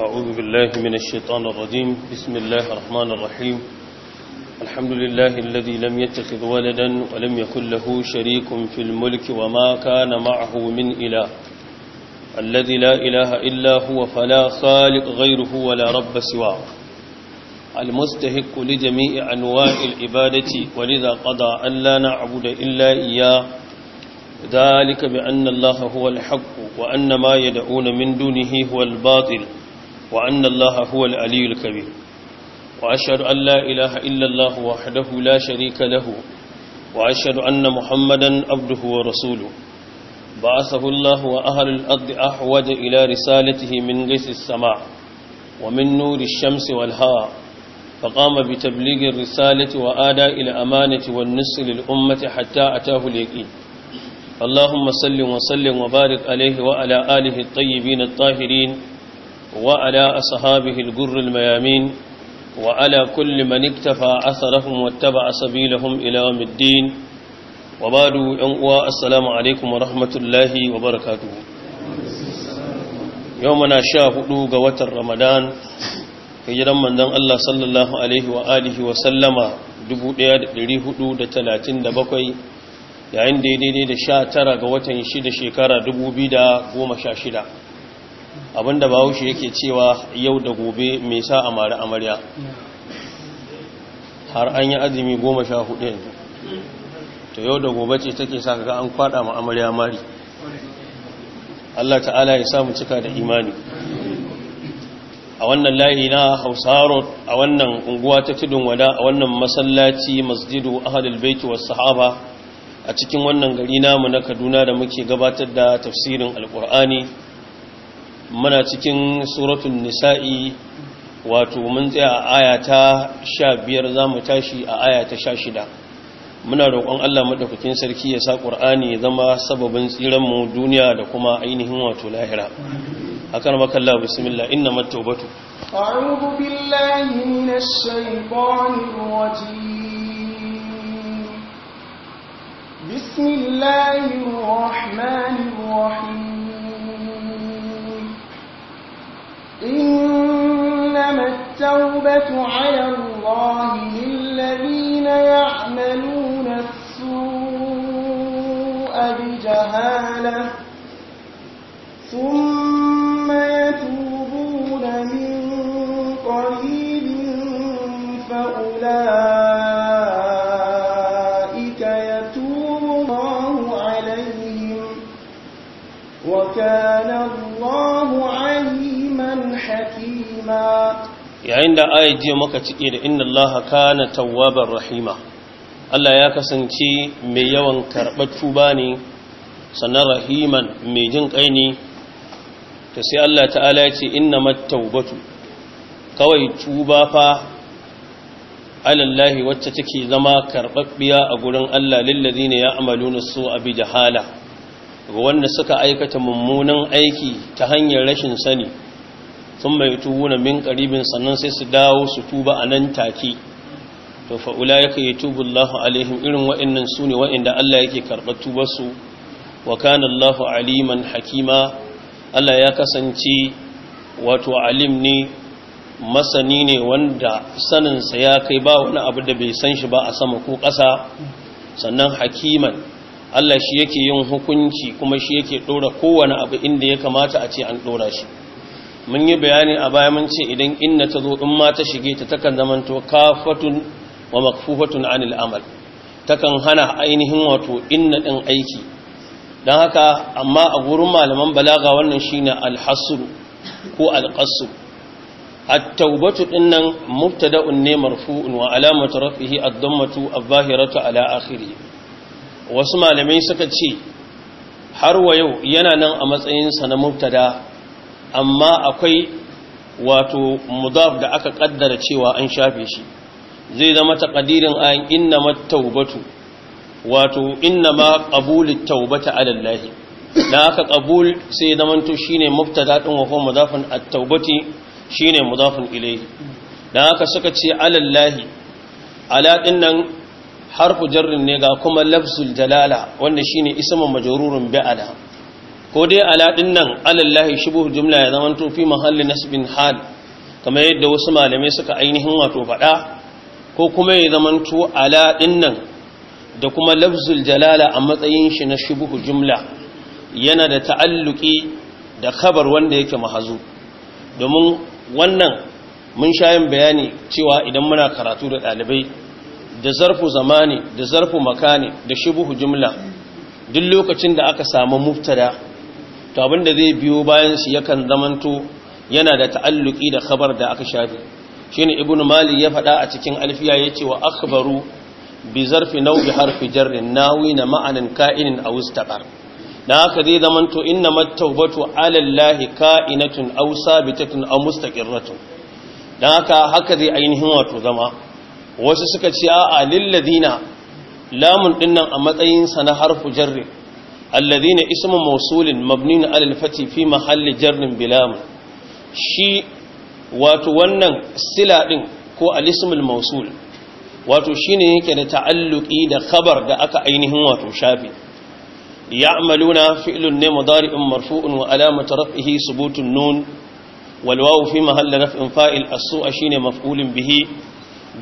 أعوذ بالله من الشيطان الرجيم بسم الله الرحمن الرحيم الحمد لله الذي لم يتخذ ولدا ولم يكن له شريك في الملك وما كان معه من إله الذي لا إله إلا هو فلا خالق غيره ولا رب سواه المستهق لجميع أنواع العبادة ولذا قضى أن لا نعبد إلا إياه ذلك بأن الله هو الحق وأن ما يدعون من دونه هو الباطل وأن الله هو العلي الكبير وأشهد أن لا إله إلا الله وحده لا شريك له وأشهد أن محمدا عبده ورسوله بعثه الله وأهل الأرض أحوج إلى رسالته من غيث السماء ومن نور الشمس والهواء فقام بتبليغ الرسالة وآداء الأمانة والنصر للأمة حتى أتاه اليقين اللهم صل وسلم وبارك عليه وعلى آله الطيبين الطاهرين وعلى أصحابه الجر الميامين وعلى كل من اكتفى أثرهم واتبع سبيلهم إلى يوم الدين وبعد أنقوى السلام عليكم ورحمة الله وبركاته يومنا شاهدوا قوة رمضان hijiran manzon Allah sallallahu alaihi wa alihi wa sallama 1437 yayin da daidai da 19 ga watan 6 shekara 2016 abinda bahaushe yake cewa yau da gobe mai sa a mara amarya har an yi azumi goma sha hudu yanzu ta yau da gobe ce take sa kaga an kwada ma amarya mari Allah ta'ala ya samu cika da imani a wannan layi na hausaro a wannan unguwa ta tudun wada a wannan masallaci masjidu ahadul baiti was sahaba a cikin wannan gari namu na Kaduna da muke gabatar da tafsirin alqur'ani muna cikin suratun nisa'i wato mun tsaya a ayata sha biyar za mu tashi a ayata sha shida muna roƙon allah maɗaukakin sarki ya sa ƙur'ani ya zama sababin tsiranmu duniya da kuma ainihin wato lahira akan makalla bismillah inna mattaubatu بسم الله الرحمن الرحيم إنما التوبة على الله للذين يعملون السوء بجهالة ثم yayin da ayat jiya muka cike da inna allaha kana tawwabar rahima Allah ya kasance mai yawan karɓar tuba ne sannan rahiman mai jin kai ne ta sai Allah ta'ala ya ce inna mattawbatu kawai tuba fa alallahi wacce take zama karɓaɓɓiya a gurin Allah lillazina ya su'a su abi jahala ga wanda suka aikata mummunan aiki ta hanyar rashin sani sun mai na min ƙaribin sannan sai su dawo su tuba a nan take to fa'ula ya ka yi tubullahu alaihim irin wa'innan su ne wa'inda Allah yake karɓar tubarsu wa kana Allahu aliman hakima Allah ya kasance wato alim ne masani ne wanda saninsa ya kai ba wani abu da bai san shi ba a sama ko ƙasa sannan hakiman Allah shi yake yin hukunci kuma shi yake ɗora kowane abu inda ya kamata a ce an ɗora shi mun yi bayani a baya mun ce idan inna ta zo in ma ta shige ta takan zamanto kafatun wa makfufatun anil amal takan hana ainihin wato inna din aiki dan haka amma a gurin malaman balaga wannan shine alhasr ko alqasr at-taubatu dinnan mubtada'un ne marfu'un wa alamatu rafihi ad-dammatu adh-dhahiratu ala akhirih wasu malamai suka ce har wa yau yana nan a matsayinsa na mubtada amma akwai wato mudaf da aka kaddara cewa an shafe shi zai zama taqdirin ayin inna tawbatu wato ma qabulut tawbata ala llahi dan aka qabul sai zaman to shine mubtada din wa huwa mudafun at-tawbati shine mudafun ilayhi dan aka suka ce ala llahi ala nan harfu jarrin ne ga kuma lafzul jalala wanda shine ismun majrurun bi'ala ko dai ala din nan alallahi shubuh jumla ya zama to fi mahalli nasbin hal kamar yadda wasu malamai suka ainihin wato faɗa ko kuma ya zama to ala nan da kuma lafzul jalala a matsayin shi na shubuh jumla yana da ta'alluki da khabar wanda yake mahazu domin wannan mun sha yin bayani cewa idan muna karatu da ɗalibai da zarfu zamani da zarfu makani da shubuh jumla duk lokacin da aka samu muftada. to abin da zai biyo bayan su yakan zamanto yana da ta'alluki da khabar da aka shafi shine ibnu mali ya faɗa a cikin alfiya yace wa akhbaru bi zarfi naw harfi jarrin nawi na ma'anan ka'inin aw istaqar dan haka zai zamanto innamat tawbatu ala allahi ka'inatun aw sabitatun aw mustaqirratun dan haka haka zai ainihin wato zama wasu suka ce a'a lil ladina lamun dinnan a matsayin sana na harfu jarrin alladhina ismu mawsulin mabnin alal fati fi mahalli jarrin bilam shi wato wannan sila din ko al-ismul mawsul wato shine yake da ta'alluqi da khabar da aka ainihin wato shafi ya'maluna fi'lun ne mudari'un marfu'un wa alamatu raf'ihi subutun nun wal wawu fi mahalli raf'in fa'il as-su'a shine maf'ulun bihi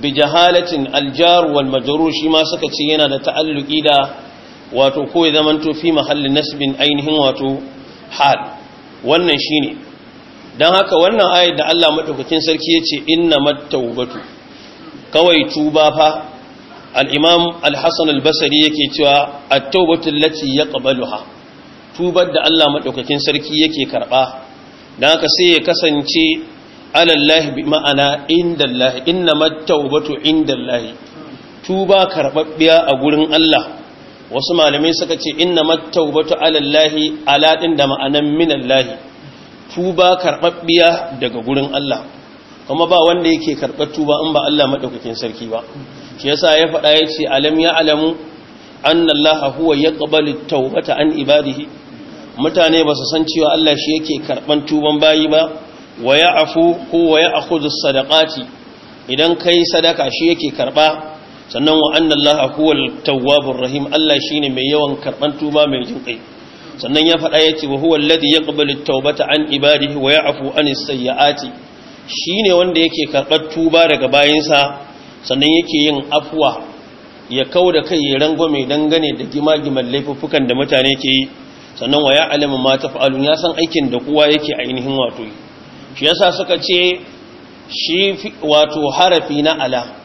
bi jahalatin al-jar wal majrur shi ma suka ce yana da ta'alluqi da wato ko ya zamanto fi mahallin nasbin ainihin wato hal wannan shine dan haka wannan ayat da Allah maɗaukakin sarki yace innamat mattaubatu. kawai tuba fa al al-hasan al yake cewa at ya allati yaqbaluha tubar da Allah maɗaukakin sarki yake karba Don haka sai ya kasance alallahi bi ma'ana indallahi innamat tawbatu indallahi tuba karɓaɓɓiya a gurin Allah wasu malamai suka ce inna mattaubatu alallahi aladin da ma'anan minallahi tuba karbabbiya daga gurin Allah kuma ba wanda yake karɓar tuba in ba Allah madaukakin sarki ba shi yasa ya faɗa ya ce alam ya alamu annallaha huwa yaqbalu tawbata an ibadihi mutane ba su san cewa Allah shi yake karɓan tuban bayi ba wa ya'fu ko wa ya'khudhu sadaqati idan kai sadaka shi yake karɓa sannan wa annallaha huwal tawwabur rahim Allah shine mai yawan karban tuba mai jin kai sannan ya faɗa yace wa ya ladhi yaqbalu at-taubata an ibadihi wa ya'fu anis Shi ne wanda yake karbar tuba daga bayansa sannan yake yin afwa ya da kai ya rangwame dangane da gimagiman laifuffukan da mutane ke yi sannan wa ya alama ma tafa'alun ya san aikin da kowa yake ainihin wato shi yasa suka ce shi wato harafi na ala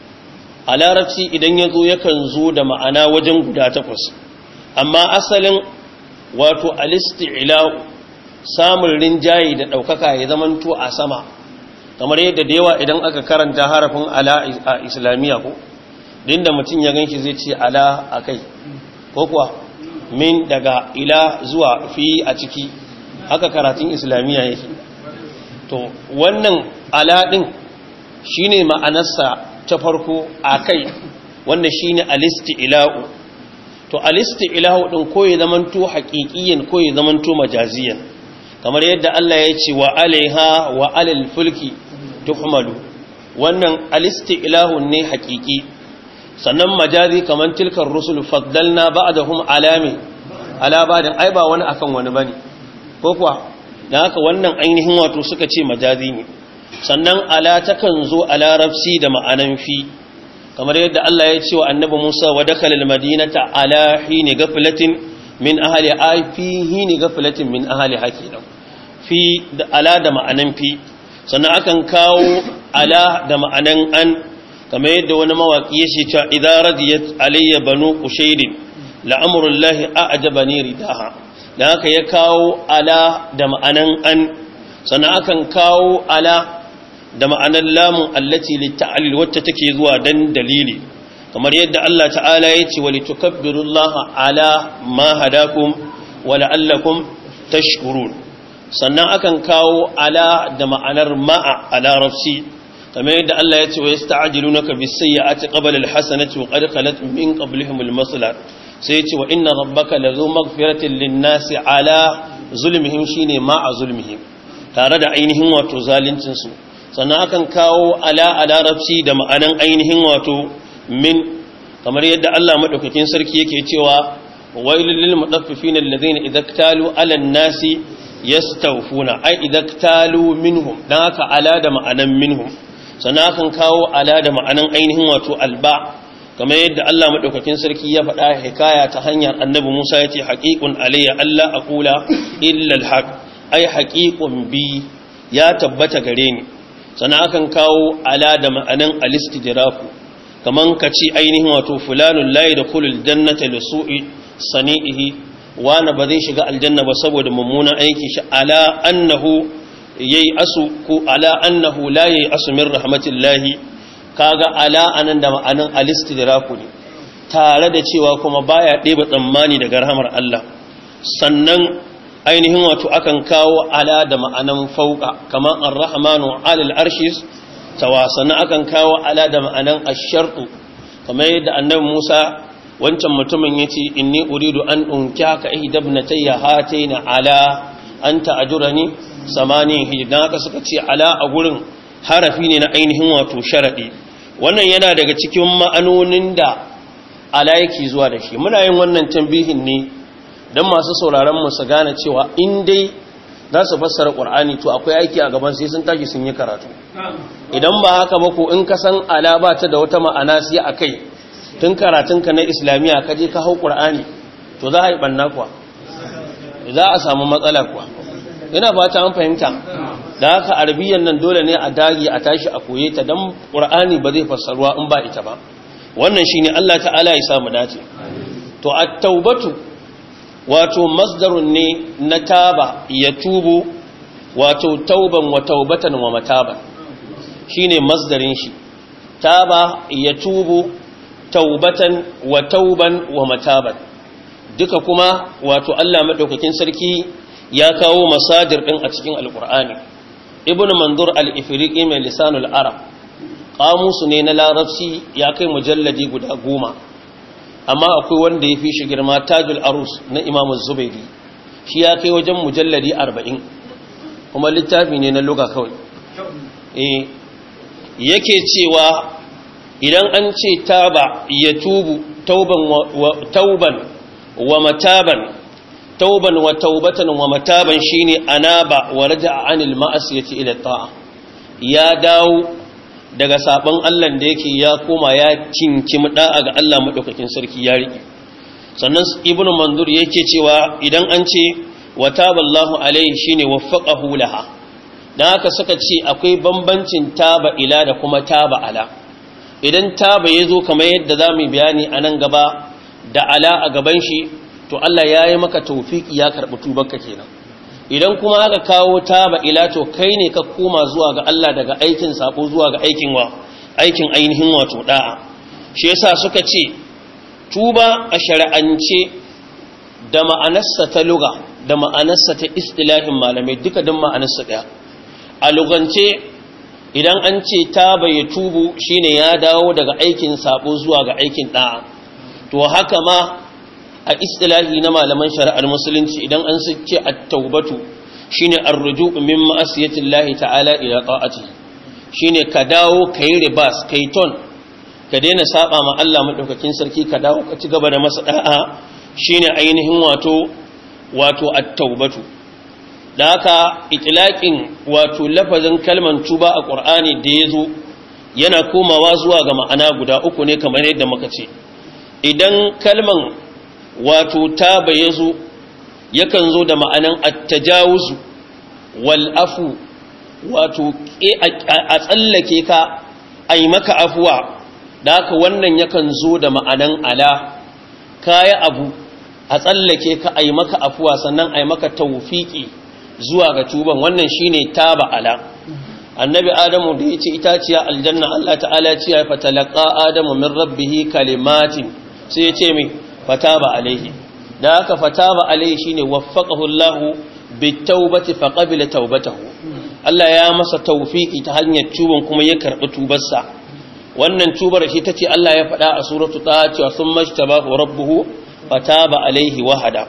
a larabci idan ya zo yakan zo da ma'ana wajen guda takwas amma asalin wato alisti'ila'u samun rinjaye da ɗaukaka ya zamanto a sama kamar yadda da yawa idan aka karanta harafin ala a islamiyya ko da mutum ya ganshi zai ce ala a kai ko kuwa min daga ila zuwa fi a ciki haka karatun islamiyya yake to wannan ala ɗin shine ma'anarsa ta farko a kai wanda shi ne ilahu, to ilahu ɗin ko ya zamanto haƙiƙiyyar ko ya zamanto majaziyan kamar yadda Allah ya ce wa alaiha wa alal fulki tuhmalu wannan ilahu ne haƙiƙi sannan majazi kamar tilkar rusul faddalna kuma alami alabadin ai ba wani akan wani ba ne, ko kuwa da haka wannan ainihin wato suka ce majazi ne sannan ala takan zo a larabci da ma'anan fi kamar yadda Allah ya ce wa annabi Musa wa dakhala almadinata ala hini gaflatin min ahli aifi hini gaflatin min ahli hakidan fi da ala da ma'anan fi sannan akan kawo ala da ma'anan an kamar yadda wani mawaki ya ce ta idza radiyat alayya banu qushayd la'amrullahi a'jabani ridaha dan haka ya kawo ala da ma'anan an sannan akan kawo ala da ma'anar lamun allaci litta'alil wacce take zuwa dan dalili kamar yadda Allah ta'ala ya ce wali tukabbirullaha ala ma hadakum wa la'allakum tashkurun sannan akan kawo ala da ma'anar ma'a ala rafsi kamar yadda Allah ya ce wa na bis-sayyi'ati qabla al-hasanati wa qad khalat min qablihim al sai ce wa inna rabbaka lazu maghfiratin lin linnasi ala zulmihim shine ma'a zulmihim tare da ainihin wato zaluncinsu sannan akan kawo ala a larabci da ma'anan ainihin wato min kamar yadda Allah maɗaukakin sarki yake cewa wailul lil mutaffifin alladhina idza iktalu ala an-nasi yastawfuna ai idza minhum dan haka ala da ma'anan minhum sannan akan kawo ala da ma'anan ainihin wato alba kamar yadda Allah maɗaukakin sarki ya faɗa hikaya ta hanyar annabi Musa ya ce, haƙiƙun alayya Allah a kula illa alhaq ai haqiqun bi ya tabbata gare ni sana akan kawo ala da ma'anan alistidraku kaman kace ainihin wato fulanul la yadkhulul jannata li su'i sani'ihi wani ba zai shiga aljanna ba saboda mummunan aiki shi ala annahu yayi asu ko ala annahu la yayi asu min rahmatillahi kaga ala anan da ma'anan alistidraku ne tare da cewa kuma baya ɗeba tsammani daga rahamar Allah sannan ainihin wato akan kawo ala da ma'anan fauka kamar ar-rahmanu alal arshis tawasana akan kawo ala da ma'anan ash-shartu kamar yadda annabi Musa wancan mutumin yace inni uridu an unkaka ihdabnatayya hatina ala anta ajurani samani hijdan aka suka ce ala a gurin harafi ne na ainihin wato sharadi wannan yana daga cikin ma'anonin da ala yake zuwa da shi muna yin wannan tambihin ne don masu sauraron su gane cewa in dai za su fassara ƙur'ani to akwai aiki a gaban sai sun tashi sun yi karatu idan ba haka ba ku in ka san ala ba ta da wata ma'ana sai a kai tun karatunka na islamiyya ka je ka hau ƙur'ani to za a yi ɓanna kuwa za a samu matsala kuwa ina ba ta an fahimta da haka arabiyyar nan dole ne a dagi a tashi a koye ta don ƙur'ani ba zai fassaruwa in ba ita ba wannan shine Allah ta'ala ya samu dace to a taubatu wato masdarun ne na taba ya tubu wato tauban wa taubatan wa mataban shine masdarin shi taba ya tubu taubatan wa tauban wa mataban duka kuma wato Allah madaukakin sarki ya kawo masadir ɗin a cikin alƙur'ani ibn manzur al-ifriqi mai lisanul arab qamusu ne na larabci ya kai mujalladi guda goma amma akwai wanda ya fi shi girma tajul arus na imamu zubairi shi ya kai wajen mujalladi arba'in kuma littafi ne na luga kawai eh, yake cewa idan an ce taba ya tubu tauban wa mataban tauban wa taubatan wa mataban shine anaba wa raja'a anil ma'asiyati ila ta'a ya dawo daga sabon Allah da yake ya koma ya kinkimi da'a ga Allah madaukakin sarki ya riki sannan ibnu mandur yake cewa idan an ce wa taballahu alaihi shine waffaqahu laha dan haka suka ce akwai bambancin taba ila da kuma taba ala idan taba yazo kamar yadda zamu bayani a nan gaba da ala a gaban shi to Allah ya yi maka tawfiki ya karbi tubanka kenan idan kuma aka kawo taba ila to kai ne ka koma zuwa ga Allah daga aikin sako zuwa ga aikin wa aikin ainihin wato da'a shi yasa suka ce tuba a shari'ance da ma'anarsa ta luga da ma'anarsa ta istilahin malamai duka don ma'anarsa daya a lugance idan an ce taba ya tubu shine ya dawo daga aikin sako zuwa ga aikin da'a to haka ma a istilahi na malaman shari'ar musulunci idan an sace at-taubatu shine ar-ruju' min ma'asiyatillahi ta'ala ila ta'ati shine ka dawo kai ribas kai ton ka daina saba ma Allah madaukakin sarki ka dawo ka ci gaba da masa da'a shine ainihin wato wato at-taubatu da haka itlaqin wato lafazin kalman tuba a Qur'ani da ya zo yana komawa zuwa ga ma'ana guda uku ne kamar yadda muka ce idan kalman wato taba ya zo yakan zo da ma'anan attajawuzu wal'afu wato a tsallake ka a yi maka afuwa da haka wannan yakan zo da ma'anan ala kayi abu a tsallake ka a yi maka afuwa sannan a yi maka taufiƙi zuwa ga tuban wannan shine taba ala annabi adamu da ya ce itaciya aljanna allah ta'ala ce ya fatalaka adamu min rabbihi kalimatin sai ya ce mai fataba alaihi da haka fataba alaihi shine waffaqahu Allah bitawbati faqabila tawbatahu Allah ya masa tawfiki ta hanyar tuban kuma ya karbi tubarsa wannan tubar shi tace Allah ya faɗa a suratu ta cewa summa ishtabahu rabbuhu fataba alaihi wahada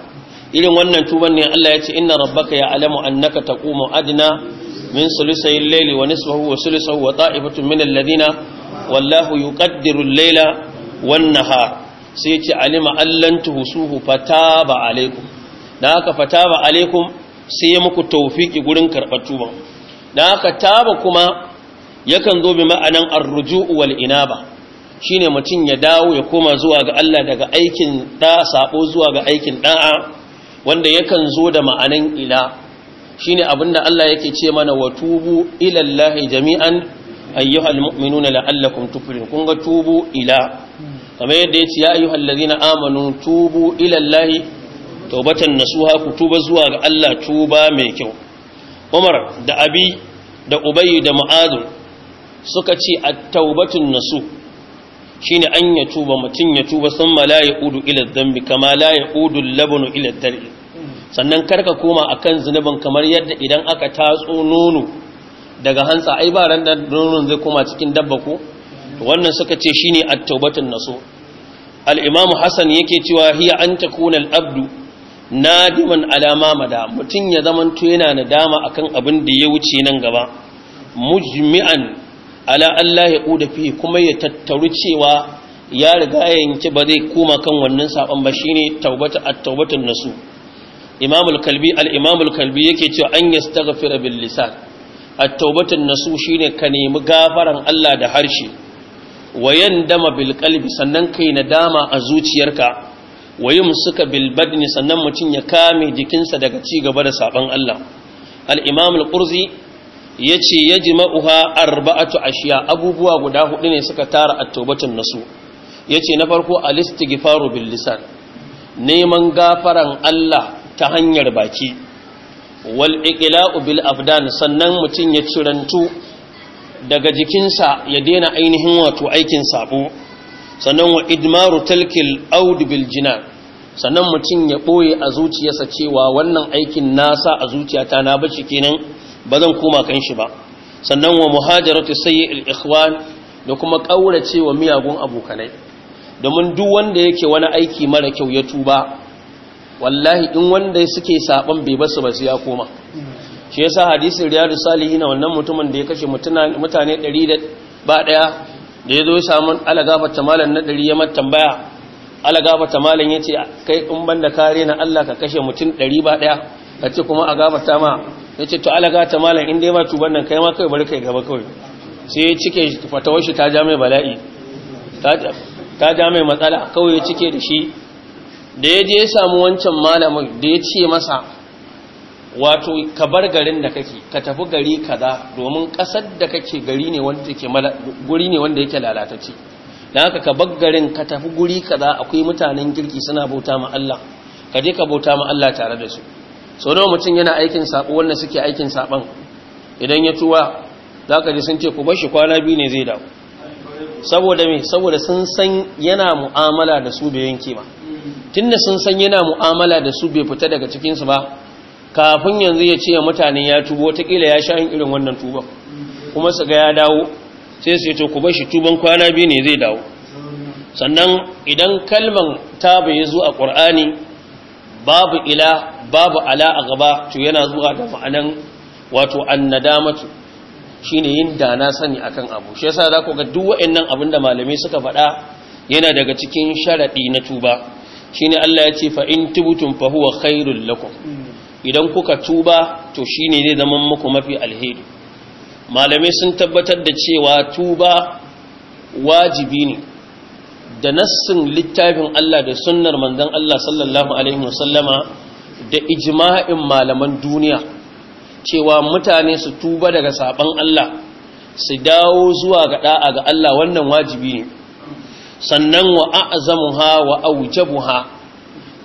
irin wannan tuban ne Allah ya ce inna rabbaka ya'lamu annaka taqumu adna min sulusayil layli wa nisfahu wa sulusahu wa ta'ifatun min alladhina wallahu yuqaddiru al-layla wan nahara sai ya ce alima allan tuhusuhu fataba alaikum dan haka fataba alaikum sai ya muku tawfiki gurin karɓar tuban dan taba kuma yakan zo bi ma'anan arruju'u wal inaba shine mutum ya dawo ya koma zuwa ga Allah daga aikin da sabo zuwa ga aikin da'a wanda yakan zo da ma'anan ila shine abinda Allah yake ce mana watubu ila Allah jami'an ayyuhal mu'minuna la'allakum tuflihun kun ga tubu ila kamar yadda ya ce ya ayyuhal ladina amanu tubu ila Allah taubatan nasuha ku tuba zuwa ga Allah tuba mai kyau Umar da Abi da Ubay da Mu'adh suka ce at-taubatun nasu shine an ya tuba mutun ya tuba san ma udu ila dhanbi kama la yaudu al-labnu ila sannan karka koma akan zunubin kamar yadda idan aka taso nono daga hantsa ai ba ran da zai koma cikin dabba ko wannan suka ce shine at-taubatun nasu al-imam hasan yake cewa hiya an takuna al-abdu nadiman alama mada mutun ya zamanto yana nadama akan abin da ya wuce nan gaba mujmi'an ala Allah ya kuda fi kuma ya tattaru cewa ya riga ya yanki ba zai koma kan wannan saban ba shine taubata at-taubatun nasu imam al-kalbi al-imam al-kalbi yake cewa an yastaghfira bil lisan at-taubatun nasu shine ka nemi gafaran Allah da harshe wayan dama bilkalbi sannan kai nadama a zuciyarka wayin suka bilbadni sannan mutum ya kame jikinsa daga ci gaba da saban Allah al-imam al-qurzi yace yajma'uha arba'atu ashiya abubuwa guda hudu ne suka tara at-taubatun nasu yace na farko al-istighfaru bil lisan neman gafaran Allah ta hanyar baki wal iqla'u bil afdan sannan mutum ya turantu. daga jikinsa ya daina ainihin wato aikin sabo sannan wa idmaru talkil aud bil jina sannan mutum ya ɓoye a zuciyarsa cewa wannan aikin nasa a zuciyata na bace kenan ba zan koma kan shi ba sannan wa muhajaratu sayyi'il ikhwan da kuma ƙauracewa cewa miyagun abokanai domin duk wanda yake wani aiki mara kyau ya tuba wallahi in wanda suke saban bai basu ba su ya koma shi yasa hadisin riyadu salihin wannan mutumin da ya kashe mutane 100 ba daya da ya zo ya samu alagafa tamalan na 100 ya matambaya. alagafa tamalan ya ce kai in banda kare na Allah ka kashe mutum 100 ba daya ka ce kuma a ta ma ya ce to alaga tamalan in dai ma tuban nan kai ma kai bari kai gaba kawai sai ya cike fatawar shi ta jami bala'i ta jami matsala kawai ya cike da shi da ya je ya samu wancan malamin da ya ce masa wato ka bar garin da kake ka tafi gari kaza domin kasar da kake gari ne wanda yake guri ne wanda yake lalatacce dan haka ka bar garin ka tafi guri kaza akwai mutanen girki suna bauta ma Allah ka je ka bauta ma Allah tare da su so nawa mutum yana aikin sabo wanda suke aikin saban idan ya tuwa zaka ji sun ce ku bar shi kwana biyu ne zai dawo saboda me saboda sun san yana mu'amala da su bai yanke ba tunda sun san yana mu'amala da su bai fita daga cikin su ba kafin yanzu ya ce mutane ya tubo watakila ya sha yin irin wannan tuban kuma su ga ya dawo sai su ce ku bar shi tuban kwana biyu ne zai dawo sannan idan kalman ta ya zo a ƙur'ani babu ila babu ala a gaba to yana zuwa da ma'anan wato shi ne yin da na sani akan abu shi yasa za ku ga duk nan abin da malamai suka faɗa yana daga cikin sharaɗi na tuba shine Allah ya ce fa in tubtum fa huwa khairul lakum idan kuka tuba to shine zai zama muku mafi alheri malamai sun tabbatar da cewa tuba wajibi ne da nassin littafin Allah da sunnar manzon Allah sallallahu alaihi wasallama da ijima'in malaman duniya cewa mutane su tuba daga saban Allah su dawo zuwa ga da'a ga Allah wannan wajibi ne sannan wa a'zamuha wa aujabuha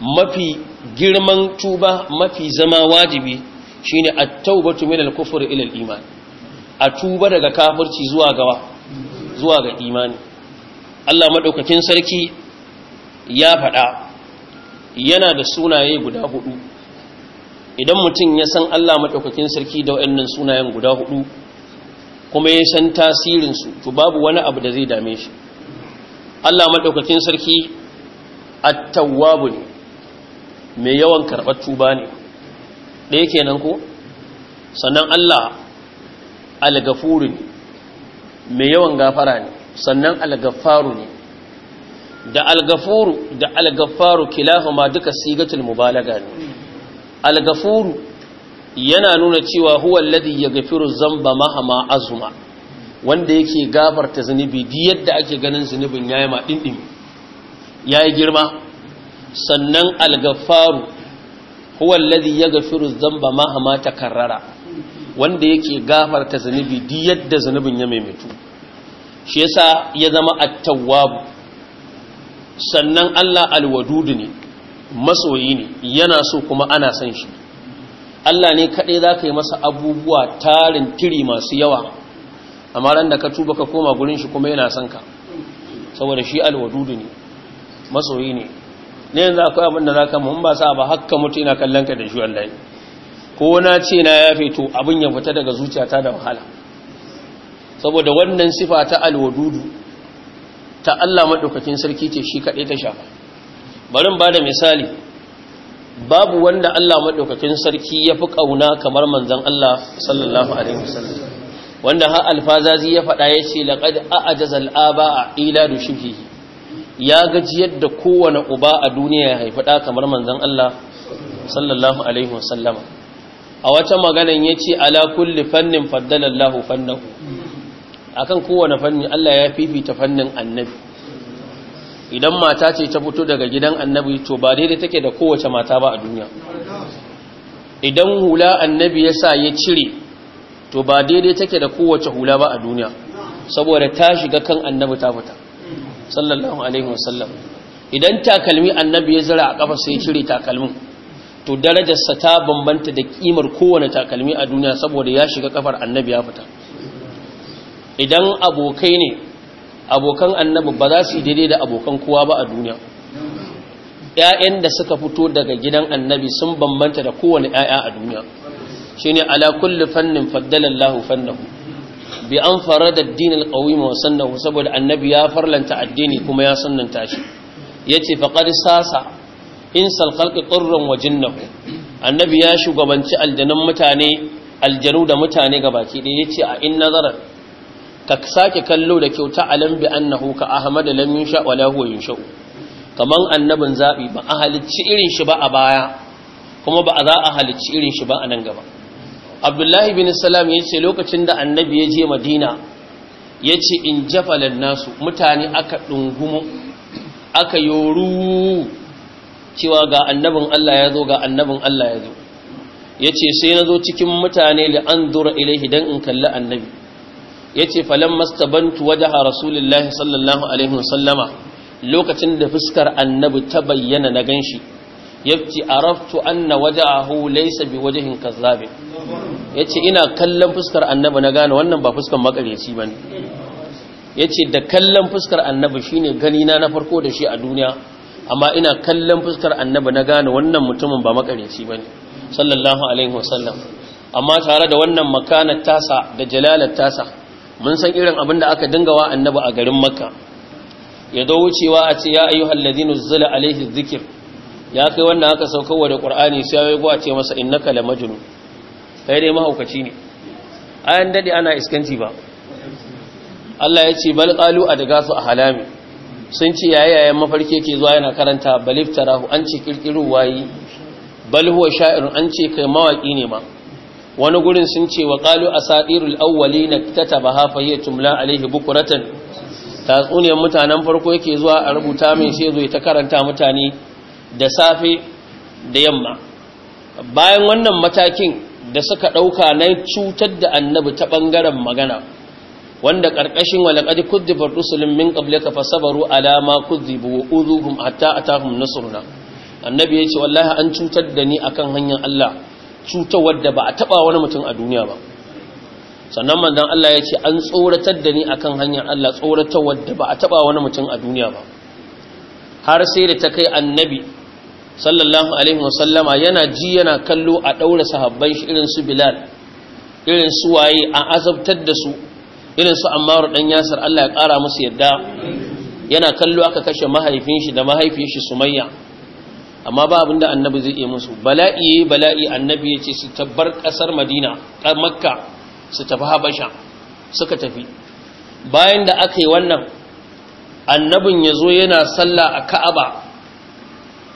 mafi girman tuba mafi zama wajibi shine at-taubatu min al-kufri ila al-iman a tuba daga kafirci zuwa gawa zuwa ga imani Allah madaukakin sarki ya faɗa yana da sunaye guda hudu idan mutum ya san Allah madaukakin sarki da waɗannan sunayen guda hudu kuma ya san tasirin su to babu wani abu da zai dame shi Allah madaukakin sarki at-tawwabu ne mai yawan karɓar tuba ne ɗaya kenan ko sannan Allah algafuru ne mai yawan gafara ne sannan algafaru ne da algafuru da algafaru ma duka sigatul mubalaga ne algafuru yana nuna cewa huwa ya yaghfiru dhanba mahama azuma wanda yake gafarta zunubi duk yadda ake ganin zunubin yayi ma dindin yayi girma sannan algafaru huwa alladhi yaghfiru dhanba ma hama takarrara wanda yake gafarta zanubi duk yadda zanubin ya maimaitu shi yasa ya zama at-tawwab sannan Allah al-wadud ne masoyi ne yana so kuma ana san shi Allah ne kadai zaka yi masa abubuwa tarin tiri masu yawa amma ran da ka tuba ka koma gurin shi kuma yana son ka saboda shi al-wadud ne masoyi ne ne yanzu akwai abin da zaka mun ba sa ba hakka mutu ina kallon ka da shi wallahi ko na ce na ya fito abin ya fita daga zuciyata da wahala saboda wannan sifa ta alwadudu ta Allah madaukakin sarki ce shi kadai ta shafa barin ba da misali babu wanda Allah madaukakin sarki ya fi kauna kamar manzon Allah sallallahu alaihi wasallam wanda har alfazazi ya faɗa yace laqad a'jaza al-aba ila dushihi ya gaji yadda kowane uba a duniya ya haifi ɗa kamar manzan Allah sallallahu alaihi wasallama a wata maganin ya ce ala kulli fannin faddalallahu fannahu akan kowane fannin Allah ya fifita fannin annabi idan mata ce ta fito daga gidan annabi to ba daidai take da kowace mata ba a duniya idan hula annabi ya sa ya cire to ba daidai take da kowace hula ba a duniya saboda ta shiga kan annabi ta fita sallallahu alaihi wasallam idan takalmi annabi ya zira a kafa sai cire takalmin to darajarsa ta bambanta da kimar kowane takalmi a duniya saboda ya shiga kafar annabi ya fita idan abokai ne abokan annabi ba za su yi daidai da abokan kowa ba a duniya ‘ya'yan da suka fito daga gidan annabi sun bambanta da kowane ‘ya'ya a duniya shine ala kulli fannin faddalallahu fannahu bi an fara da addinin alƙawima wa sannahu saboda annabi ya farlanta addini kuma ya sannanta shi ya ce faƙar sasa in salƙalƙi ƙurran wa jinnahu annabi ya shugabanci aljanun mutane aljanu da mutane gabaki ɗaya ya ce a in nazarar ka sake kallo da kyauta alam bi annahu ka ahmad lam yunsha wa la huwa yunshau Kamar annabin zabi ba a halicci irin shi ba a baya kuma ba a za a halicci irin shi ba a nan gaba abdullahi bin salam ya ce lokacin da annabi ya je madina ya ce in jafalar nasu mutane aka ɗungumo aka yoru cewa ga annabin allah ya zo ga annabin allah ya zo ya ce sai na zo cikin mutane da an zura ilaihi don in kalli annabi ya ce falon mastabantu wajaha rasulullahi sallallahu alaihi wasallama lokacin da fuskar annabi ta bayyana na ganshi yace araftu anna wajhahu laysa biwajhin kazzab yace ina kallon fuskar annabi na gane wannan ba fuskar makareci bane yace da kallon fuskar annabi shine gani na na farko da shi a duniya amma ina kallon fuskar annabi na gane wannan mutumin ba makareci bane sallallahu alaihi wasallam amma tare da wannan makanar tasa da jalalar tasa mun san irin abin da aka dinga wa annabi a garin makka ya zo wucewa a ce ya ayyuhal ladina zula alaihi dhikr ya kai wannan aka wa da ƙur'ani sai ya yi ce masa kala majinu ta kai dai mahaukaci ne ayan dade ana iskanci ba Allah ya ce bal su a halami sun ce yayayen mafarki yake zuwa yana karanta baliftarahu an ce ƙirƙirin wayi bal huwa sha'iru an ce kai mawaki ne ma wani gurin sun ce wa qalu asatirul awwalina ta fa hiya tumla alaihi bukuratan tatsuniyar mutanen farko yake zuwa a rubuta mai sai ta karanta mutane da safe da yamma bayan wannan matakin da suka ɗauka na cutar da annabi ta ɓangaren magana wanda ƙarƙashin walaƙadi kuddifar rusulun min ƙablika sabaru alama kuddibu wa uzuhum hatta atahum nasruna annabi ya ce wallahi an cutar da ni akan hanyar Allah cutar wadda ba a taɓa wani mutum a duniya ba sannan manzon Allah ya ce an tsoratar da ni akan hanyar Allah tsoratar wadda ba a taɓa wani mutum a duniya ba har sai da ta kai annabi sallallahu alaihi wasallama yana ji yana kallo a daura sahabban shi irin su bilal irin su waye a azabtar da su irin su ammaru dan yasir Allah ya kara musu yadda yana kallo aka kashe mahaifin shi da mahaifin shi sumayya amma ba abinda annabi zai yi musu bala'i bala'i annabi ya ce su tabbar kasar madina makka su tafi habasha suka tafi bayan da aka yi wannan annabin ya zo yana sallah a ka'aba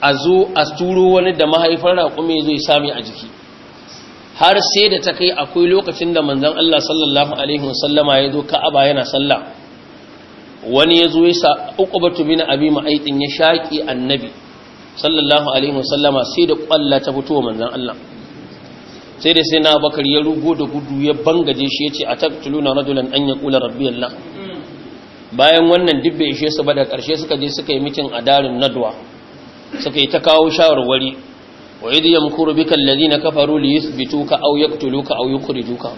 a zo a turo wani da mahaifar raƙumi zai sami a jiki har sai da ta kai akwai lokacin da manzan Allah sallallahu alaihi wasallama ya zo ka'aba yana sallah wani ya zo ya sa batu bin abi ma'aikin ya shaƙi annabi sallallahu alaihi wasallama sai da kwalla ta fito manzan Allah sai da sai na bakar ya rugu da gudu ya bangaje shi ya ce a na radulan an ya kula rabbi Allah hmm. bayan wannan dubbe ishe su ba da ƙarshe suka je suka yi mitin a darin nadwa suka yi ta kawo shawarwari wa idh yamkuru bika alladhina kafaru li yuthbituka aw yaqtuluka aw yukhrijuka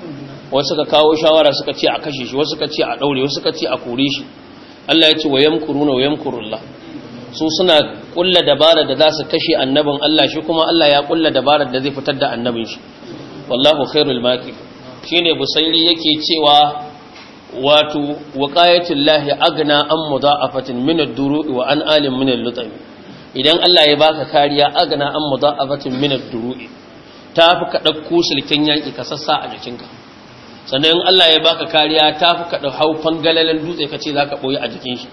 wasu suka kawo shawara suka ce a kashe shi wasu suka ce a daure wasu suka ce a kore shi Allah ya ce wa yamkuruna wa yamkurullah su suna kulla dabarar da za su kashe annabin Allah shi kuma Allah ya kulla dabara da zai fitar da annabin shi wallahu khairul maki shine busairi yake cewa wato waqayatul lahi agna an mudaafatin min ad-duru'i wa an alim min al-lutami idan Allah ya baka kariya agana an mudha'afatin min ad-duru'i tafi ka dauko silken yaki ka sassa a jikinka sannan in Allah ya baka kariya tafi ka dau hau dutse ka ce zaka boye a jikin shi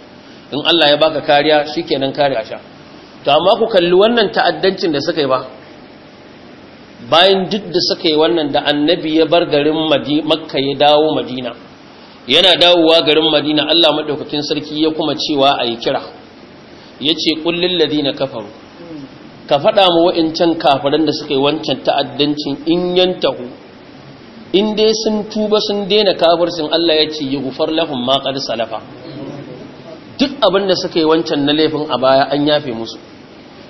in Allah ya baka kariya shikenan kariya sha to amma ku kalli wannan ta'addancin da suka yi ba bayan duk da suka yi wannan da annabi ya bar garin makka ya dawo madina yana dawowa garin madina Allah madaukakin sarki ya kuma cewa a yi kira yace ladi ladina kafaru ka faɗa mu wa'incan kafaren da suka yi wancan ta'addancin in yantahu in dai sun tuba sun daina kafircin Allah ya ce yi gufar lafin maƙar salafa duk abin da suka yi wancan na laifin a baya an yafe musu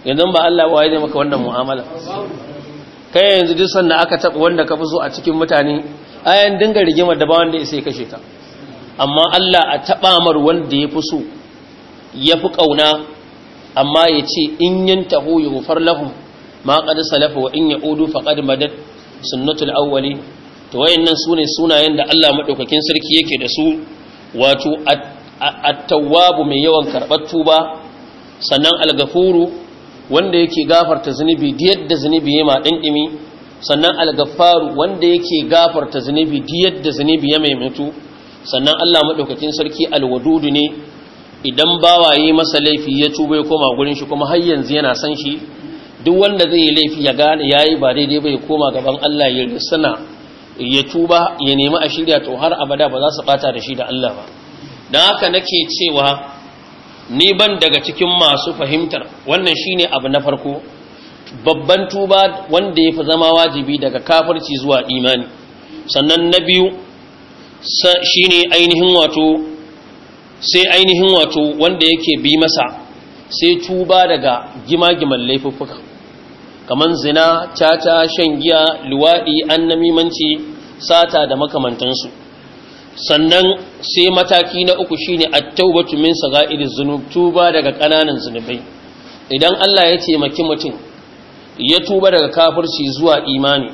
yanzu ba Allah waye ne maka wannan mu'amala kai yanzu duk sannan aka taba wanda ka fi so a cikin mutane ayan dinga rigimar da ba wanda ya kashe ta amma Allah a taɓamar wanda ya fi so ya fi ƙauna amma ya ce in yin taho yi hufar lahun ma ƙadu salafa wa in ya odu faƙad madad sunnatul awwali to wayannan su ne sunayen da Allah maɗaukakin sarki yake da su wato at mai yawan karɓar tuba sannan algafuru wanda yake gafarta zunubi diyar da zunubi ya ma dindimi sannan algafaru wanda yake gafarta zunubi diyar da zunubi ya maimatu sannan Allah maɗaukakin sarki alwadudu ne idan bawa yi masa laifi ya tuba ya koma gurin shi kuma har yanzu yana san shi duk wanda zai yi laifi ya gane yayi ba daidai bai koma gaban Allah ya ya tuba ya nemi a shirya to har abada ba za su bata da shi da Allah ba Da haka nake cewa ni ban daga cikin masu fahimtar wannan shine abu na farko babban tuba wanda ya fi zama wajibi daga kafirci zuwa imani sannan na biyu shine ainihin wato sai ainihin wato wanda yake bi masa sai tuba daga gima-giman laifuffuka kamar zina tata shan giya luwaɗi annamimanci sata da makamantansu sannan sai mataki na uku shine a taubatu min saga'iriz zunub tuba daga ƙananan zunubai idan Allah ya taimaki mutum ya tuba daga kafirci zuwa imani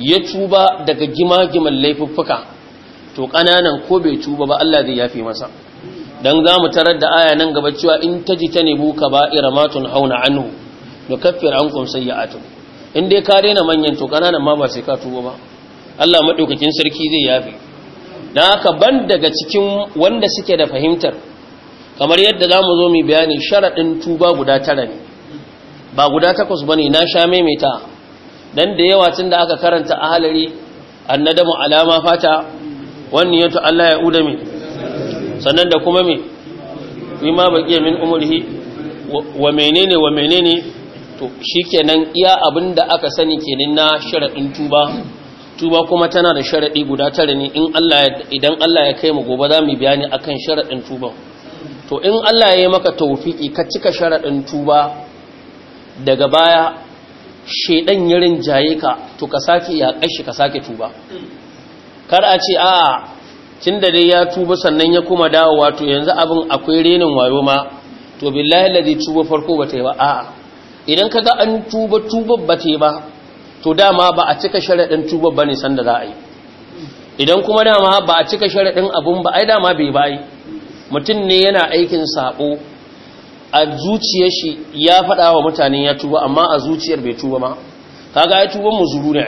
ya tuba daga gima-giman laifuffuka to ƙananan ko bai tuba ba Allah zai yafe masa dan za mu tarar da aya nan gaba cewa in ta ji ta nebu ka ba'ira iramatun hauna anhu da kaffir an ya sayyatu in dai ka daina manyan to kananan ma ba sai ka tuba ba Allah madaukakin sarki zai yafi dan haka ban daga cikin wanda suke da fahimtar kamar yadda zamu zo mu bayani sharadin tuba guda tara ne ba guda takwas bane na sha maimaita dan da yawa tun da aka karanta ahalari annadamu alama fata wannan yato Allah ya uda sannan da kuma me bima baqiya min umrihi wa menene wa menene to shikenan iya abinda aka sani kenan na sharadin tuba tuba kuma tana da sharaɗi guda tare ne idan Allah ya kai mu gobe za mu bayani akan sharaɗin tuba to in Allah ya yi maka tawfiki ka cika sharaɗin tuba daga baya shedan yarin jaye ka to ka sake ya kashi ka sake tuba kar a ce a tun da dai ya tuba sannan ya kuma dawo wato yanzu abin akwai renin wayo ma to billahi ladhi tuba farko ba ta yi ba a'a idan kaga an tuba tuba ba ta yi ba to dama ba a cika sharadin tuba ba ne sanda za a yi idan kuma dama ba a cika sharaɗin abun ba ai dama bai bai mutum ne yana aikin sabo a zuciyar shi ya faɗa wa mutane ya tuba amma a zuciyar bai tuba ma kaga ya tuba muzuru ne